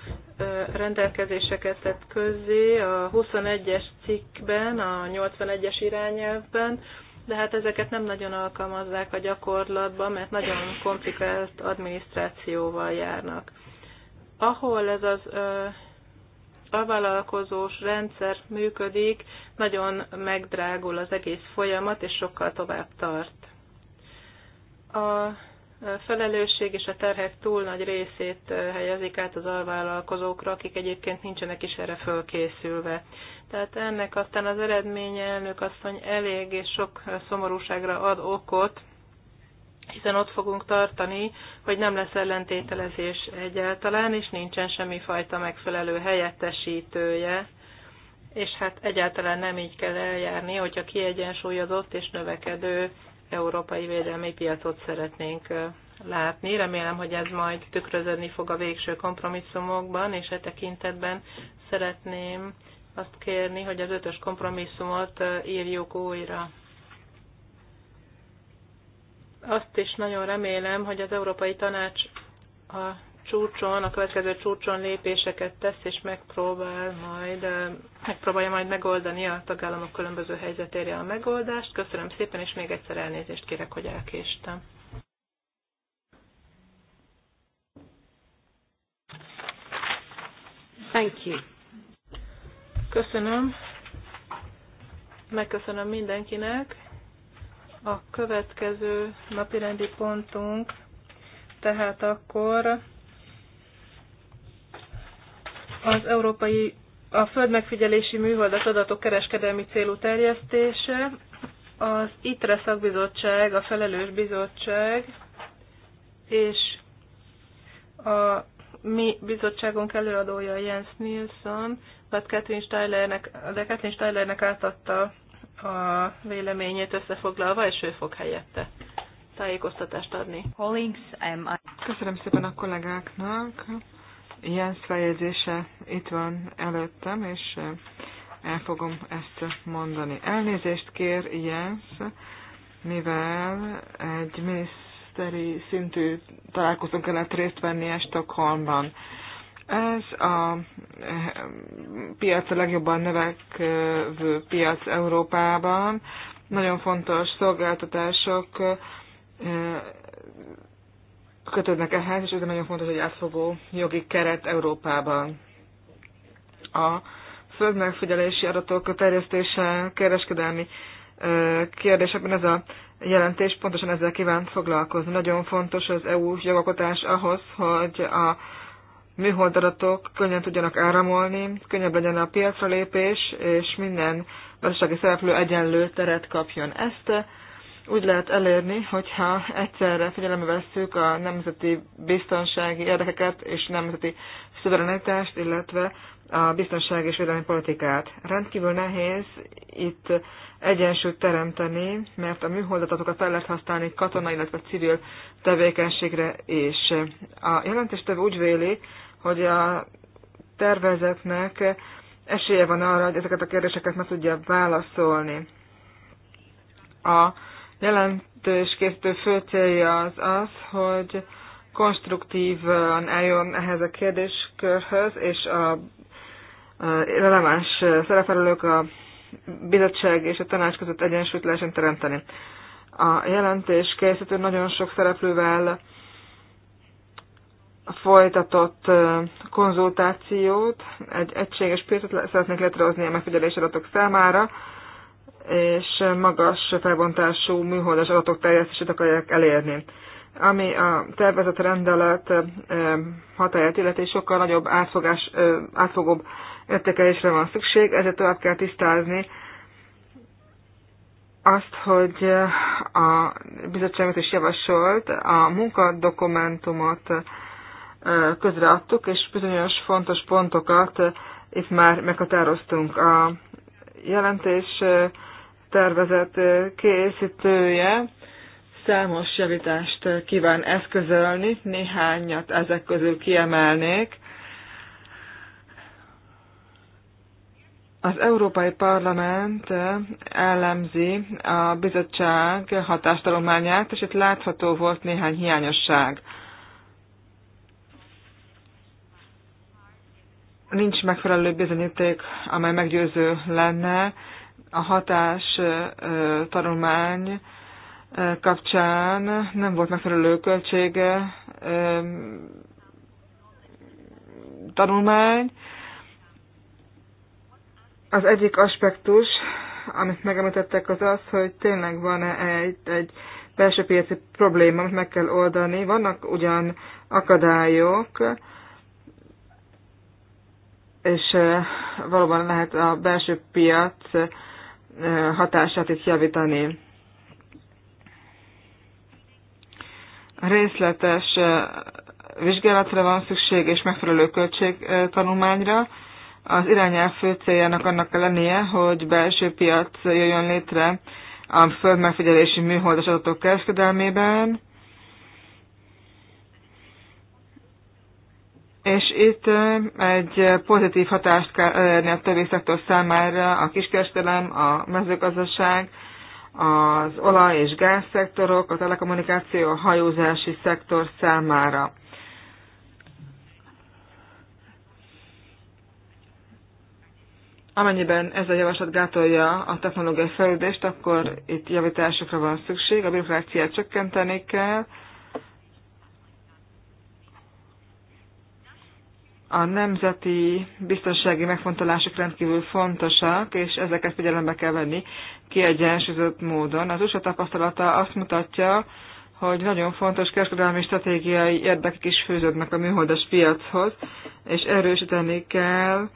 rendelkezéseket tett közzé a 21-es cikkben, a 81-es irányelvben, de hát ezeket nem nagyon alkalmazzák a gyakorlatban, mert nagyon komplikált adminisztrációval járnak. Ahol ez az ö, vállalkozós rendszer működik, nagyon megdrágul az egész folyamat, és sokkal tovább tart. A felelősség és a terhek túl nagy részét eh, helyezik át az alvállalkozókra, akik egyébként nincsenek is erre fölkészülve. Tehát ennek aztán az eredménye elnök asszony elég és sok eh, szomorúságra ad okot, hiszen ott fogunk tartani, hogy nem lesz ellentételezés egyáltalán, és nincsen semmi fajta megfelelő helyettesítője, és hát egyáltalán nem így kell eljárni, hogyha kiegyensúlyozott és növekedő európai védelmi piacot szeretnénk látni. Remélem, hogy ez majd tükröződni fog a végső kompromisszumokban, és e tekintetben szeretném azt kérni, hogy az ötös kompromisszumot írjuk újra. Azt is nagyon remélem, hogy az Európai Tanács a csúcson, a következő csúcson lépéseket tesz, és megpróbál majd, megpróbálja majd megoldani a tagállamok különböző helyzetére a megoldást. Köszönöm szépen, és még egyszer elnézést kérek, hogy elkéstem. Thank you. Köszönöm. Megköszönöm mindenkinek. A következő napirendi pontunk tehát akkor az európai a földmegfigyelési műholdas adatok kereskedelmi célú terjesztése, az ITRE szakbizottság, a felelős bizottság, és a mi bizottságunk előadója Jens Nilsson, mert Kathleen Steilernek, de Kathleen Steilernek átadta a véleményét összefoglalva, és ő fog helyette tájékoztatást adni. Um, Köszönöm szépen a kollégáknak. Jens feljegyzése itt van előttem, és el fogom ezt mondani. Elnézést kér Jens, mivel egy miniszteri szintű találkozón kellett részt a Stockholmban. Ez a piac a legjobban növekvő piac Európában. Nagyon fontos szolgáltatások kötődnek ehhez, és ez nagyon fontos, hogy átfogó jogi keret Európában. A földmegfigyelési adatok terjesztése, kereskedelmi kérdésekben ez a jelentés pontosan ezzel kíván foglalkozni. Nagyon fontos az EU jogalkotás ahhoz, hogy a műholdadatok könnyen tudjanak áramolni, könnyebb legyen a piacra lépés, és minden gazdasági szereplő egyenlő teret kapjon. Ezt úgy lehet elérni, hogyha egyszerre figyelembe vesszük a nemzeti biztonsági érdekeket és nemzeti szuverenitást, illetve a biztonsági és védelmi politikát. Rendkívül nehéz itt egyensúlyt teremteni, mert a műholdatatokat fel lehet használni katonai, illetve civil tevékenységre is. A jelentéstevő úgy véli, hogy a tervezetnek esélye van arra, hogy ezeket a kérdéseket meg tudja válaszolni. A jelentős fő célja az az, hogy konstruktívan eljön ehhez a kérdéskörhöz, és a, a releváns szerepelők a bizottság és a tanács között egyensúlyt lehessen teremteni. A jelentés készítő nagyon sok szereplővel folytatott konzultációt, egy egységes pénzt szeretnék létrehozni a megfigyelés adatok számára, és magas felbontású műholdas adatok terjesztését akarják elérni. Ami a tervezett rendelet hatáját illeti, sokkal nagyobb átfogás, átfogóbb értékelésre van szükség, ezért tovább kell tisztázni azt, hogy a bizottságot is javasolt, a munkadokumentumot közreadtuk, és bizonyos fontos pontokat itt már meghatároztunk. A jelentés tervezet készítője számos javítást kíván eszközölni, néhányat ezek közül kiemelnék. Az Európai Parlament elemzi a bizottság hatástalományát, és itt látható volt néhány hiányosság. Nincs megfelelő bizonyíték, amely meggyőző lenne a hatás tanulmány kapcsán nem volt megfelelő költsége tanulmány. Az egyik aspektus, amit megemlítettek, az az, hogy tényleg van-e egy, egy belső piaci probléma, amit meg kell oldani. Vannak ugyan akadályok, és valóban lehet a belső piac hatását is javítani. Részletes vizsgálatra van szükség és megfelelő költségtanulmányra. Az irányelv fő céljának annak kell lennie, hogy belső piac jöjjön létre a földmegfigyelési műholdas adatok kereskedelmében, és itt egy pozitív hatást kell elérni a többi szektor számára, a kiskereskedelem, a mezőgazdaság, az olaj- és gázszektorok, a telekommunikáció, a hajózási szektor számára. Amennyiben ez a javaslat gátolja a technológiai fejlődést, akkor itt javításokra van szükség, a bürokráciát csökkenteni kell, a nemzeti biztonsági megfontolások rendkívül fontosak, és ezeket figyelembe kell venni kiegyensúlyozott módon. Az USA tapasztalata azt mutatja, hogy nagyon fontos kereskedelmi stratégiai érdekek is fűződnek a műholdas piachoz, és erősíteni kell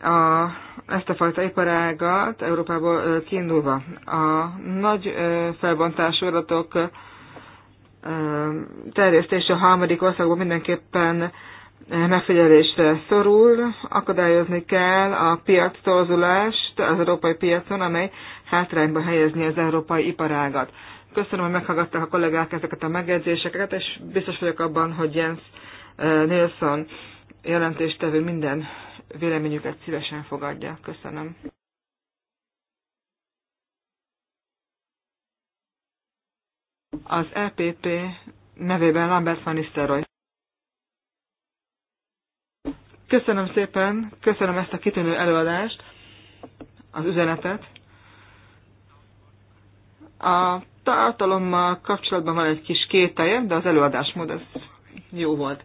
a, ezt a fajta iparágat Európából kiindulva. A nagy felbontású adatok terjesztése a harmadik országban mindenképpen megfigyelésre szorul, akadályozni kell a piac torzulást az európai piacon, amely hátrányba helyezni az európai iparágat. Köszönöm, hogy meghallgattak a kollégák ezeket a megjegyzéseket, és biztos vagyok abban, hogy Jens eh, Nilsson jelentéstevő minden véleményüket szívesen fogadja. Köszönöm. Az EPP nevében Lambert van Nistelrooy. Köszönöm szépen, köszönöm ezt a kitűnő előadást, az üzenetet. A tartalommal kapcsolatban van egy kis kételjem, de az előadásmód ez jó volt.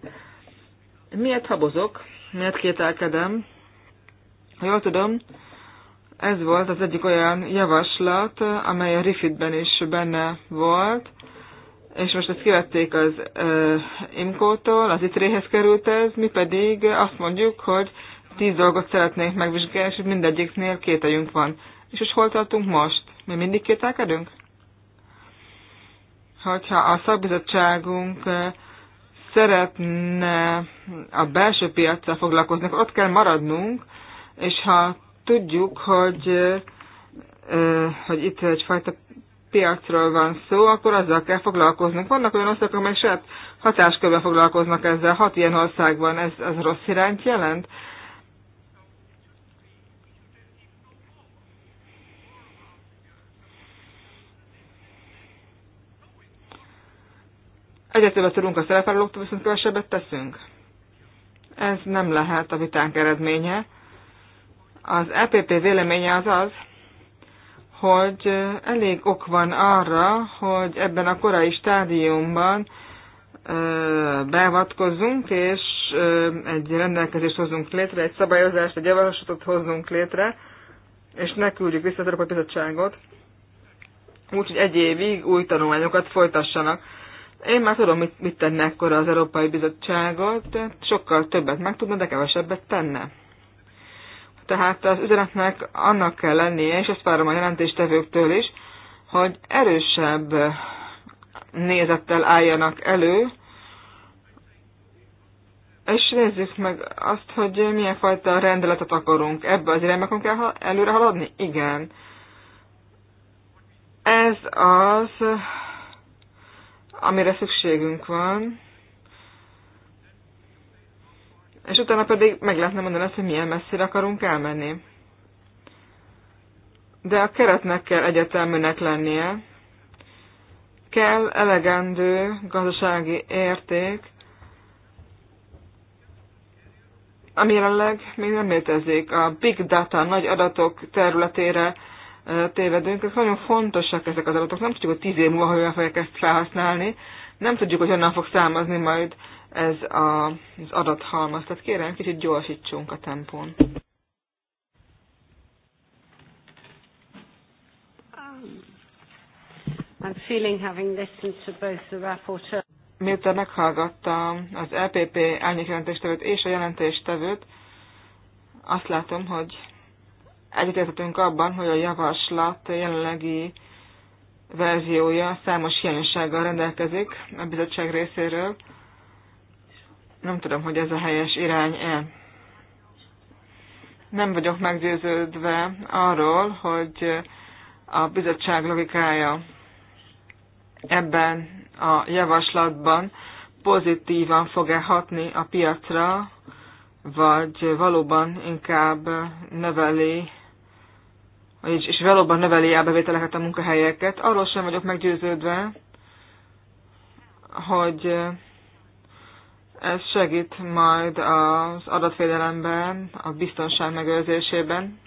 Miért habozok? Miért kételkedem? Ha jól tudom, ez volt az egyik olyan javaslat, amely a Refitben is benne volt, és most ezt kivették az uh, IMCO-tól, az ITRE-hez került ez, mi pedig azt mondjuk, hogy tíz dolgot szeretnénk megvizsgálni, és mindegyiknél kételjünk van. És most hol tartunk most? Mi mindig kételkedünk? Hogyha a szakbizottságunk uh, szeretne a belső piacra foglalkozni, akkor ott kell maradnunk, és ha tudjuk, hogy, hogy itt egyfajta piacról van szó, akkor azzal kell foglalkoznunk. Vannak olyan országok, amelyek saját hatáskörben foglalkoznak ezzel. Hat ilyen országban ez, ez rossz irányt jelent. Egyre többet tudunk a szerepvállalóktól, viszont kevesebbet teszünk. Ez nem lehet a vitánk eredménye. Az EPP véleménye az az, hogy elég ok van arra, hogy ebben a korai stádiumban beavatkozzunk, és egy rendelkezést hozzunk létre, egy szabályozást, egy javaslatot hozzunk létre, és ne küldjük vissza az Európai Bizottságot, úgyhogy egy évig új tanulmányokat folytassanak. Én már tudom, mit, mit tenne ekkor az Európai Bizottságot, sokkal többet megtudna, de kevesebbet tenne. Tehát az üzenetnek annak kell lennie, és ezt várom a jelentéstevőktől is, hogy erősebb nézettel álljanak elő, és nézzük meg azt, hogy milyen fajta rendeletet akarunk. Ebbe az irányba kell előre haladni? Igen. Ez az, amire szükségünk van és utána pedig meg lehetne mondani azt, hogy milyen messzire akarunk elmenni. De a keretnek kell egyetelműnek lennie, kell elegendő gazdasági érték, ami jelenleg még nem létezik. A big data, nagy adatok területére tévedünk, ez nagyon fontosak ezek az adatok. Nem tudjuk, hogy tíz év múlva hogyan fogják ezt felhasználni, nem tudjuk, hogy honnan fog számozni majd ez a, az adathalmaz. Tehát kérem, kicsit gyorsítsunk a tempón. I'm feeling having listened to both the rapporteur. Miután meghallgatta az LPP e árnyékjelentéstevőt és a jelentéstevőt, azt látom, hogy egyetértetünk abban, hogy a javaslat jelenlegi verziója számos hiányossággal rendelkezik a bizottság részéről, nem tudom, hogy ez a helyes irány-e. Nem vagyok meggyőződve arról, hogy a bizottság logikája ebben a javaslatban pozitívan fog-e hatni a piacra, vagy valóban inkább növeli, és, és valóban növeli a bevételeket, a munkahelyeket. Arról sem vagyok meggyőződve, hogy ez segít majd az adatvédelemben, a biztonság megőrzésében.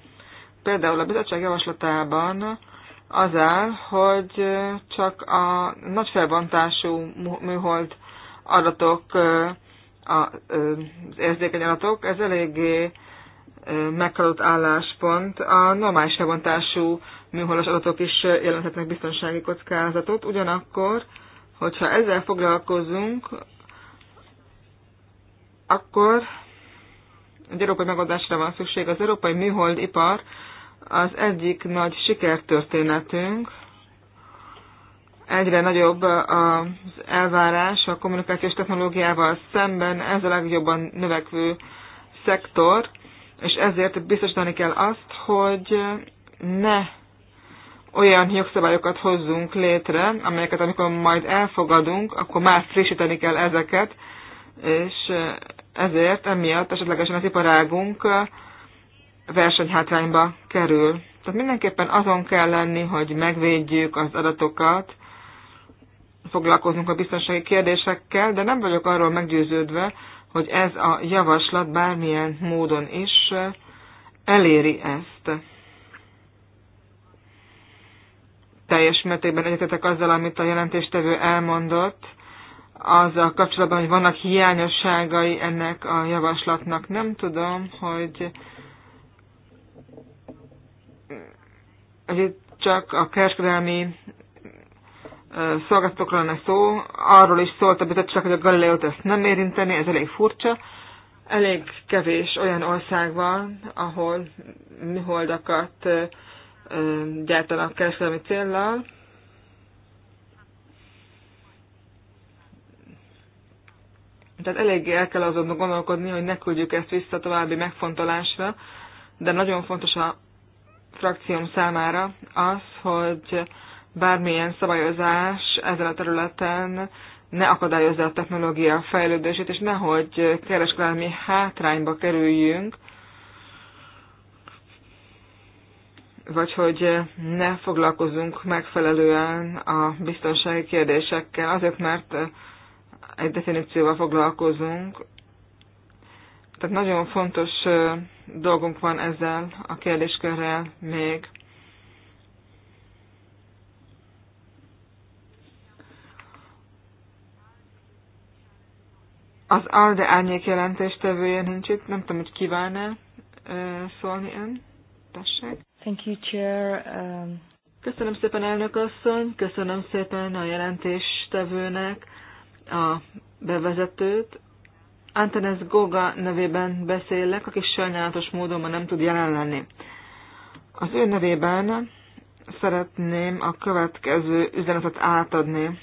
Például a bizottság javaslatában az áll, hogy csak a nagy felbontású műhold adatok, az érzékeny adatok, ez eléggé meghaladott álláspont. A normális felbontású műholdas adatok is jelenthetnek biztonsági kockázatot, ugyanakkor, hogyha ezzel foglalkozunk, akkor egy európai megoldásra van szükség. Az európai műholdipar az egyik nagy sikertörténetünk. Egyre nagyobb az elvárás a kommunikációs technológiával szemben, ez a legjobban növekvő szektor, és ezért biztosítani kell azt, hogy ne olyan jogszabályokat hozzunk létre, amelyeket amikor majd elfogadunk, akkor már frissíteni kell ezeket, és ezért emiatt esetlegesen az iparágunk versenyhátrányba kerül. Tehát mindenképpen azon kell lenni, hogy megvédjük az adatokat, foglalkozunk a biztonsági kérdésekkel, de nem vagyok arról meggyőződve, hogy ez a javaslat bármilyen módon is eléri ezt. Teljes mértékben egyetetek azzal, amit a jelentéstevő elmondott, azzal kapcsolatban, hogy vannak hiányosságai ennek a javaslatnak. Nem tudom, hogy ez itt csak a kereskedelmi szolgáltatókra lenne szó. Arról is szólt a bizottság, hogy a Galileót ezt nem érinteni, ez elég furcsa. Elég kevés olyan ország van, ahol műholdakat gyártanak kereskedelmi céllal, Tehát eléggé el kell azon gondolkodni, hogy ne küldjük ezt vissza további megfontolásra, de nagyon fontos a frakcióm számára az, hogy bármilyen szabályozás ezen a területen ne akadályozza a technológia fejlődését, és nehogy kereskedelmi hátrányba kerüljünk, vagy hogy ne foglalkozunk megfelelően a biztonsági kérdésekkel, azért mert egy definícióval foglalkozunk. Tehát nagyon fontos dolgunk van ezzel a kérdéskörrel még. Az ALDE árnyék jelentéstevője nincs itt, nem tudom, hogy kíván-e szólni ön. Tessék. Thank you, Chair. Um... Köszönöm szépen, elnök asszony, köszönöm szépen a jelentéstevőnek a bevezetőt. Antenes Goga nevében beszélek, aki sajnálatos módon ma nem tud jelen lenni. Az ő nevében szeretném a következő üzenetet átadni.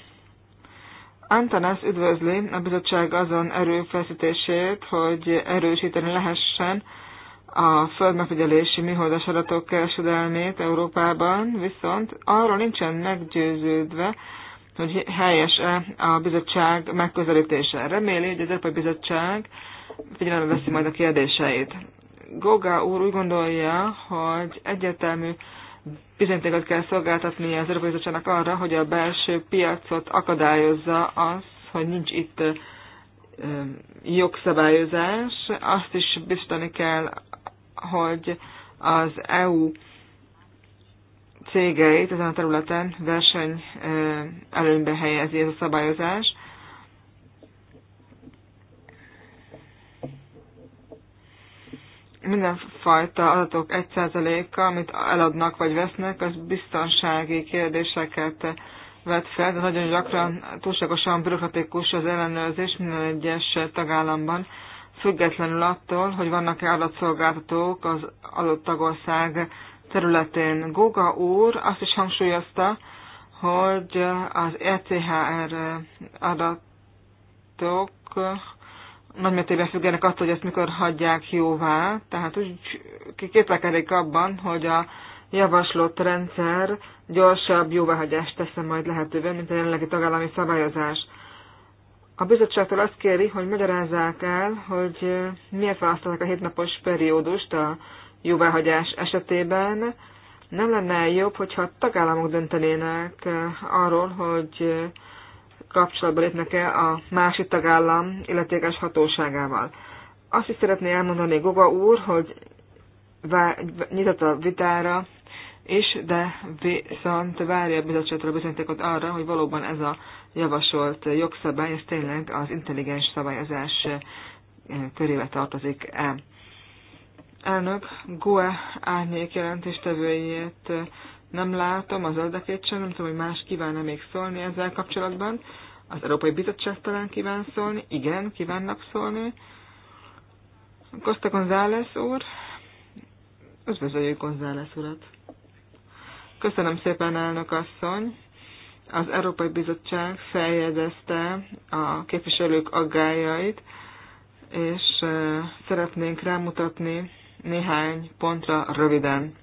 Antanas üdvözli a bizottság azon erőfeszítését, hogy erősíteni lehessen a földmegfigyelési műholdas adatok kereskedelmét Európában, viszont arról nincsen meggyőződve, hogy helyes-e a bizottság megközelítése. Reméli, hogy az Európai Bizottság figyelembe veszi majd a kérdéseit. Goga úr úgy gondolja, hogy egyértelmű bizonyítékot kell szolgáltatni az Európai Bizottságnak arra, hogy a belső piacot akadályozza az, hogy nincs itt jogszabályozás. Azt is biztosítani kell, hogy az EU cégeit ezen a területen verseny előnybe helyezi ez a szabályozás. Mindenfajta adatok 1%-a, amit eladnak vagy vesznek, az biztonsági kérdéseket vet fel, de nagyon gyakran túlságosan bürokratikus az ellenőrzés minden egyes tagállamban, függetlenül attól, hogy vannak-e adatszolgáltatók az adott tagország területén. Goga úr azt is hangsúlyozta, hogy az ECHR adatok nagymértékben függenek attól, hogy ezt mikor hagyják jóvá. Tehát úgy kételkedik abban, hogy a javaslott rendszer gyorsabb jóváhagyást tesz majd lehetővé, mint a jelenlegi tagállami szabályozás. A bizottságtól azt kéri, hogy magyarázzák el, hogy miért választották a hétnapos periódust a jóváhagyás esetében nem lenne jobb, hogyha a tagállamok döntenének eh, arról, hogy eh, kapcsolatba lépnek-e a másik tagállam illetékes hatóságával. Azt is szeretné elmondani Goga úr, hogy nyitott a vitára is, de viszont várja a bizottságtól bizonyítékot arra, hogy valóban ez a javasolt jogszabály, ez tényleg az intelligens szabályozás eh, körébe tartozik-e elnök Goe árnyék jelentéstevőjét nem látom, az öldekét sem, nem tudom, hogy más kívánna még szólni ezzel kapcsolatban. Az Európai Bizottság talán kíván szólni, igen, kívánnak szólni. Costa González úr, üdvözöljük González urat. Köszönöm szépen, elnök asszony. Az Európai Bizottság feljegyezte a képviselők aggájait, és szeretnénk rámutatni néhány pontra röviden.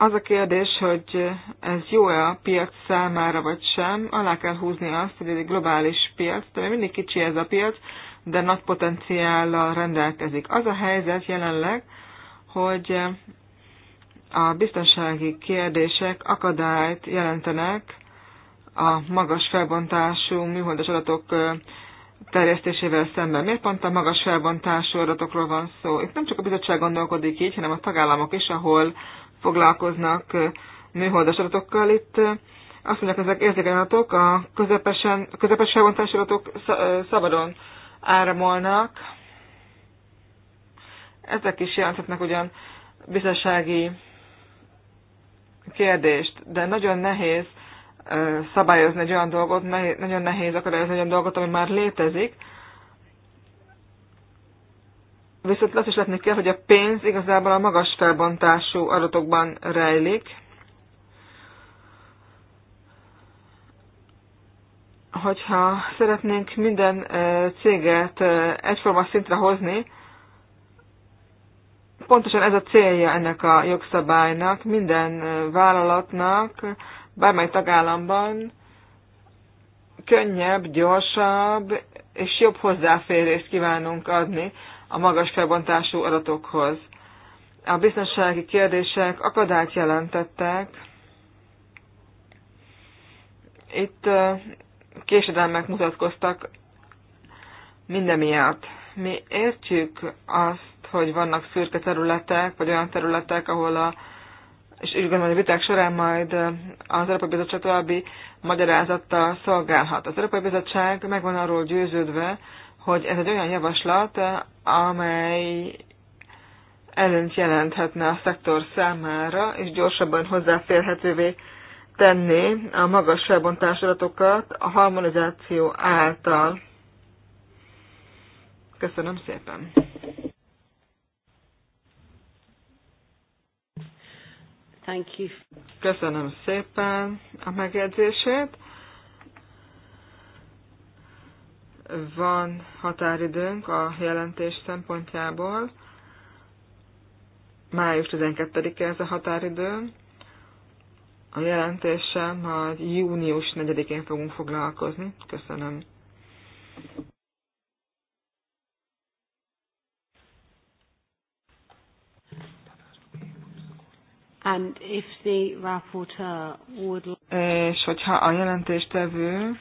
Az a kérdés, hogy ez jó-e a piac számára vagy sem, alá kell húzni azt, hogy ez egy globális piac, de mindig kicsi ez a piac, de nagy potenciállal rendelkezik. Az a helyzet jelenleg, hogy a biztonsági kérdések akadályt jelentenek a magas felbontású műholdas adatok terjesztésével szemben. Miért pont a magas felbontású adatokról van szó? Itt nem csak a bizottság gondolkodik így, hanem a tagállamok is, ahol foglalkoznak műholdas adatokkal. Itt azt mondják, ezek érzékeny adatok, a közepesen, közepes felbontású adatok szabadon áramolnak. Ezek is jelenthetnek ugyan biztonsági kérdést, de nagyon nehéz szabályozni egy olyan dolgot, nagyon nehéz akadályozni egy olyan dolgot, ami már létezik. Viszont azt is látni kell, hogy a pénz igazából a magas felbontású adatokban rejlik. Hogyha szeretnénk minden céget egyforma szintre hozni, pontosan ez a célja ennek a jogszabálynak, minden vállalatnak bármely tagállamban könnyebb, gyorsabb és jobb hozzáférést kívánunk adni a magas felbontású adatokhoz. A biztonsági kérdések akadályt jelentettek. Itt késedelmek mutatkoztak minden miatt. Mi értjük azt, hogy vannak szürke területek, vagy olyan területek, ahol a és úgy gondolom, hogy a viták során majd az Európai Bizottság további magyarázattal szolgálhat. Az Európai Bizottság meg van arról győződve, hogy ez egy olyan javaslat, amely előnyt jelenthetne a szektor számára, és gyorsabban hozzáférhetővé tenni a magas felbontás adatokat a harmonizáció által. Köszönöm szépen! Thank you. Köszönöm szépen a megjegyzését. Van határidőnk a jelentés szempontjából. Május 12-e ez a határidő. A jelentéssel majd június 4-én fogunk foglalkozni. Köszönöm. And if the rapporteur would... És hogyha a jelentéstevő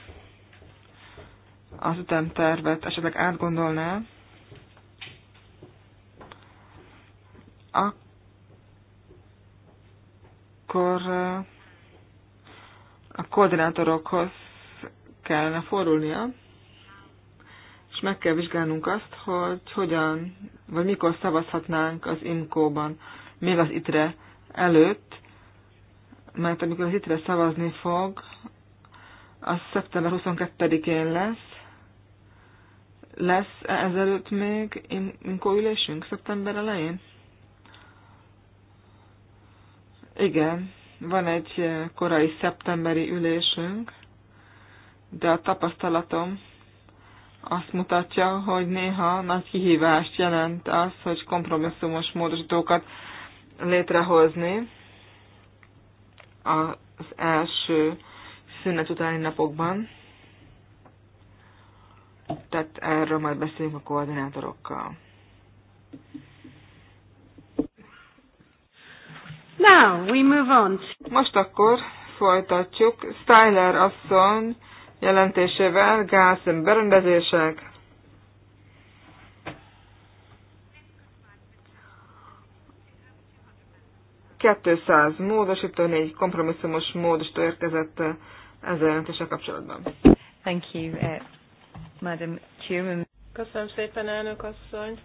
az ütemtervet esetleg átgondolná, akkor eh, a koordinátorokhoz kellene fordulnia, és meg kell vizsgálnunk azt, hogy hogyan, vagy mikor szavazhatnánk az imkóban, ban még az ITRE előtt, mert amikor a hitre szavazni fog, az szeptember 22-én lesz. Lesz ezelőtt még inkó ülésünk szeptember elején? Igen, van egy eh, korai szeptemberi ülésünk, de a tapasztalatom azt mutatja, hogy néha nagy kihívást jelent az, hogy kompromisszumos módosítókat létrehozni az első szünet utáni napokban. Tehát erről majd beszélünk a koordinátorokkal. Now we move on. Most akkor folytatjuk Styler asszony jelentésével gáz berendezések. 200 módosító, egy kompromisszumos módosító érkezett eh, ezzel jelentéssel kapcsolatban. Thank you, uh, Madam Chairman. Köszönöm szépen, elnök asszony.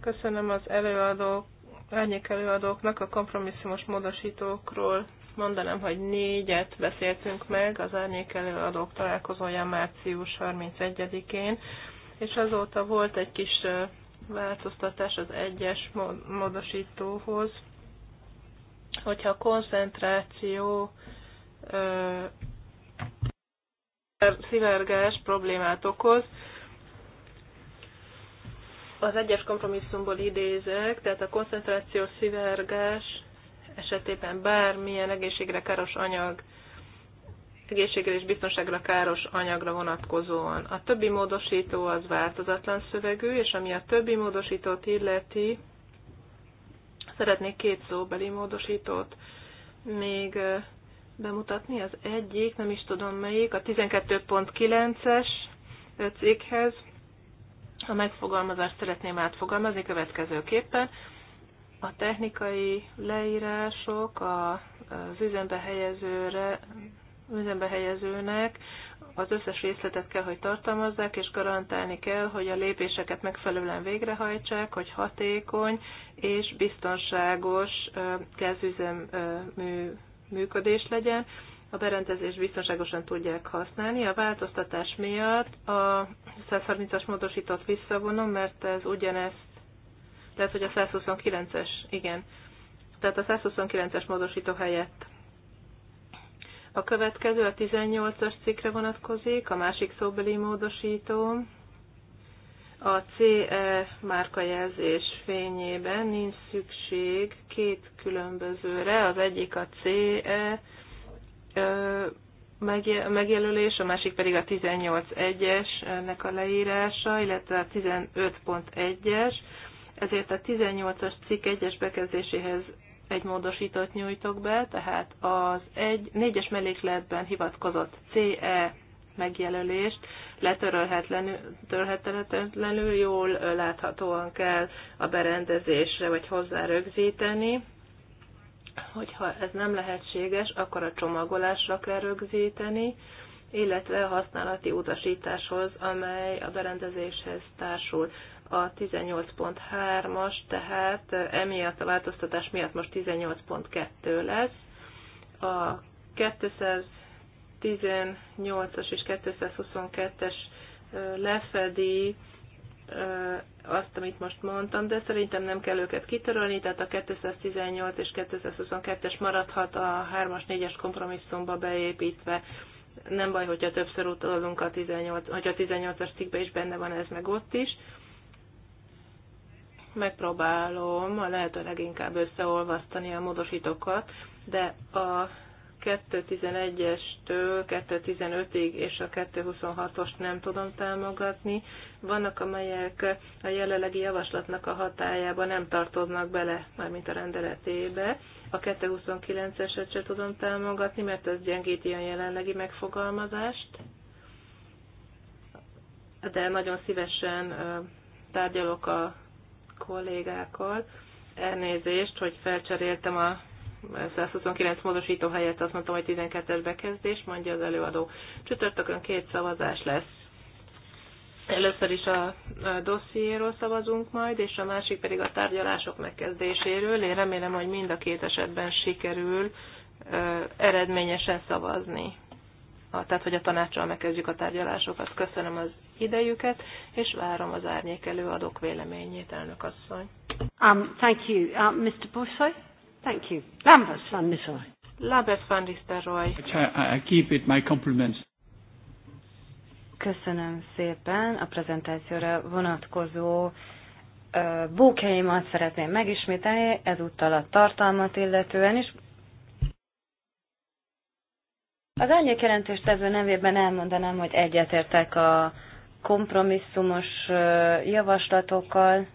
Köszönöm az előadók, árnyék előadóknak a kompromisszumos módosítókról. Mondanám, hogy négyet beszéltünk meg az árnyék előadók találkozója március 31-én, és azóta volt egy kis eh, változtatás az egyes módosítóhoz, hogyha a koncentráció szivárgás problémát okoz, az egyes kompromisszumból idézek, tehát a koncentráció szivárgás esetében bármilyen egészségre káros anyag egészségre és biztonságra káros anyagra vonatkozóan. A többi módosító az változatlan szövegű, és ami a többi módosítót illeti, szeretnék két szóbeli módosítót még bemutatni. Az egyik, nem is tudom melyik, a 12.9-es cikkhez a megfogalmazást szeretném átfogalmazni következőképpen. A technikai leírások az üzembe helyezőre üzembe helyezőnek az összes részletet kell, hogy tartalmazzák, és garantálni kell, hogy a lépéseket megfelelően végrehajtsák, hogy hatékony és biztonságos gázüzemű működés legyen. A berendezést biztonságosan tudják használni. A változtatás miatt a 130-as módosított visszavonom, mert ez ugyanezt, tehát hogy a 129-es, igen. Tehát a 129-es módosító helyett a következő a 18-as cikkre vonatkozik, a másik szóbeli módosító. A CE márkajelzés fényében nincs szükség két különbözőre, az egyik a CE megjelölés, a másik pedig a 18.1-esnek a leírása, illetve a 15.1-es, ezért a 18-as cikk egyes bekezdéséhez egy módosítót nyújtok be, tehát az egy, négyes mellékletben hivatkozott CE megjelölést letörölhetetlenül jól láthatóan kell a berendezésre vagy hozzá rögzíteni. Hogyha ez nem lehetséges, akkor a csomagolásra kell rögzíteni, illetve a használati utasításhoz, amely a berendezéshez társul a 18.3-as, tehát emiatt a változtatás miatt most 18.2 lesz. A 218-as és 222-es lefedi azt, amit most mondtam, de szerintem nem kell őket kitörölni, tehát a 218 és 222-es maradhat a 3-as, 4-es kompromisszumba beépítve. Nem baj, hogyha többször utalunk a 18, as a 18-as cikkbe is benne van ez meg ott is megpróbálom a lehető leginkább összeolvasztani a módosítókat, de a 2.11-estől 2.15-ig és a 2.26-ost nem tudom támogatni. Vannak, amelyek a jelenlegi javaslatnak a hatájába nem tartoznak bele, mármint a rendeletébe. A 2.29-eset se tudom támogatni, mert ez gyengíti a jelenlegi megfogalmazást. De nagyon szívesen tárgyalok a kollégákkal. Elnézést, hogy felcseréltem a 129 módosító helyett azt mondtam, hogy 12-es bekezdés, mondja az előadó. Csütörtökön két szavazás lesz. Először is a dossziéról szavazunk majd, és a másik pedig a tárgyalások megkezdéséről. Én remélem, hogy mind a két esetben sikerül eredményesen szavazni. A, tehát hogy a tanácssal megkezdjük a tárgyalásokat. Köszönöm az idejüket, és várom az árnyék előadók véleményét, elnök asszony. Um, thank you. Uh, Mr. Borsoy? Thank you. Lambert van Nistelrooy. Lambert van Nistelrooy. I, I keep it my compliments. Köszönöm szépen a prezentációra vonatkozó uh, bókjaimat szeretném megismételni, ezúttal a tartalmat illetően is. Az árnyék jelentéstevő nevében elmondanám, hogy egyetértek a kompromisszumos javaslatokkal,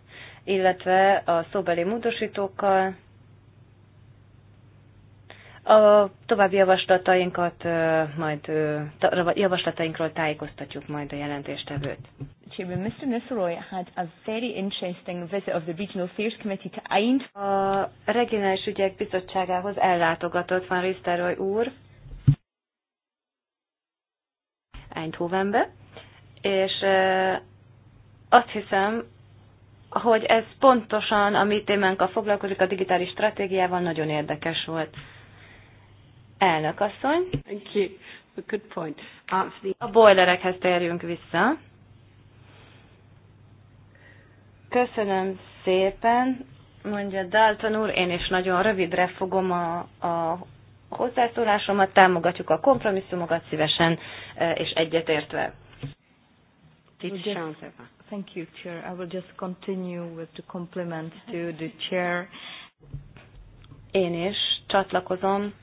illetve a szóbeli módosítókkal. A további javaslatainkat majd javaslatainkról tájékoztatjuk majd a jelentéstevőt. Chairman, Mr. Nisseroy had a very interesting visit of the Regional Affairs Committee to Eind. A Regionális Ügyek Bizottságához ellátogatott Van Risteroy úr, Eindhovenbe, és azt hiszem, hogy ez pontosan a mi témánkkal foglalkozik, a digitális stratégiával nagyon érdekes volt. Elnök asszony. Thank you. A good point. Uh, a boilerekhez térjünk vissza. Köszönöm szépen, mondja Dalton úr, én is nagyon rövidre fogom a, a hozzászólásomat, támogatjuk a kompromisszumokat szívesen e, és egyetértve. Thank you, Chair. I will just continue with the compliments to the Chair. Én is csatlakozom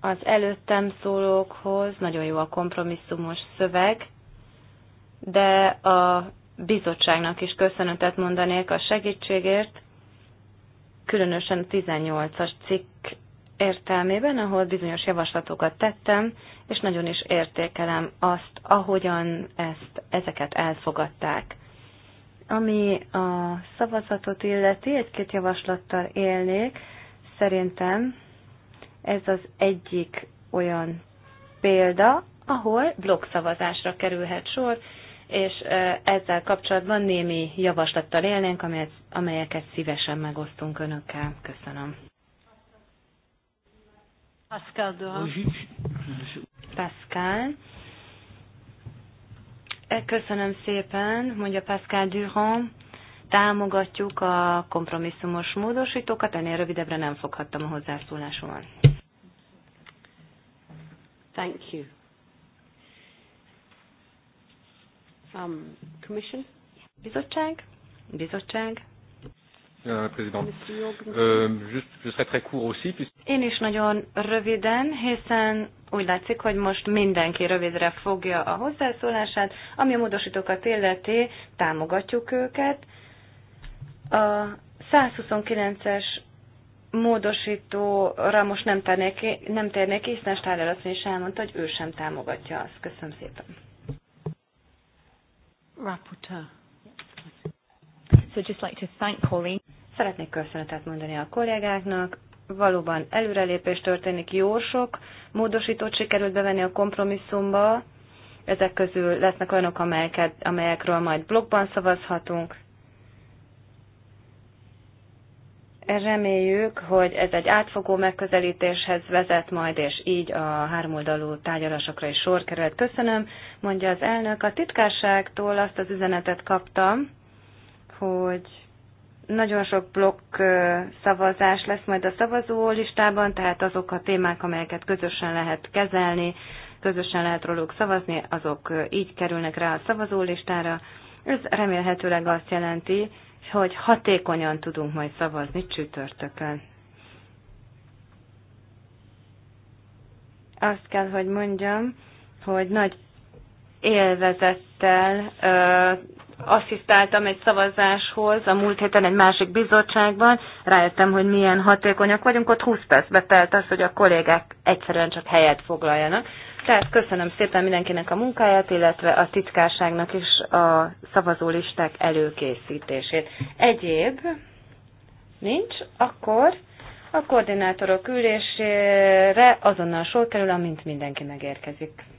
az előttem szólókhoz, nagyon jó a kompromisszumos szöveg, de a bizottságnak is köszönetet mondanék a segítségért, különösen a 18-as cikk értelmében, ahol bizonyos javaslatokat tettem, és nagyon is értékelem azt, ahogyan ezt, ezeket elfogadták. Ami a szavazatot illeti, egy-két javaslattal élnék, szerintem ez az egyik olyan példa, ahol blok-szavazásra kerülhet sor, és ezzel kapcsolatban némi javaslattal élnénk, amelyeket szívesen megosztunk önökkel. Köszönöm. Pascal Doha. Pascal. E, köszönöm szépen, mondja Pascal Durand. Támogatjuk a kompromisszumos módosítókat, ennél rövidebbre nem foghattam a hozzászólásomat. Thank you. Um, commission? Bizottság? Bizottság? Euh, euh, Én is nagyon röviden, hiszen úgy látszik, hogy most mindenki rövidre fogja a hozzászólását. Ami a módosítókat illeti, támogatjuk őket. A 129-es módosítóra most nem térnék nem térnék ki hiszen Stáler azt is elmondta, hogy ő sem támogatja azt. Köszönöm szépen. Raputa. So just like to thank Holly Szeretnék köszönetet mondani a kollégáknak. Valóban előrelépés történik, jó sok módosítót sikerült bevenni a kompromisszumba. Ezek közül lesznek olyanok, amelyeket, amelyekről majd blogban szavazhatunk. Reméljük, hogy ez egy átfogó megközelítéshez vezet majd, és így a háromoldalú tárgyalásokra is sor került. Köszönöm, mondja az elnök. A titkárságtól azt az üzenetet kaptam, hogy nagyon sok blokk szavazás lesz majd a szavazó listában, tehát azok a témák, amelyeket közösen lehet kezelni, közösen lehet róluk szavazni, azok így kerülnek rá a szavazólistára. Ez remélhetőleg azt jelenti, hogy hatékonyan tudunk majd szavazni csütörtökön. Azt kell, hogy mondjam, hogy nagy élvezettel ö, asszisztáltam egy szavazáshoz a múlt héten egy másik bizottságban, rájöttem, hogy milyen hatékonyak vagyunk, ott 20 percbe telt az, hogy a kollégák egyszerűen csak helyet foglaljanak. Tehát köszönöm szépen mindenkinek a munkáját, illetve a titkárságnak is a szavazólisták előkészítését. Egyéb nincs, akkor a koordinátorok ülésére azonnal sor kerül, amint mindenki megérkezik.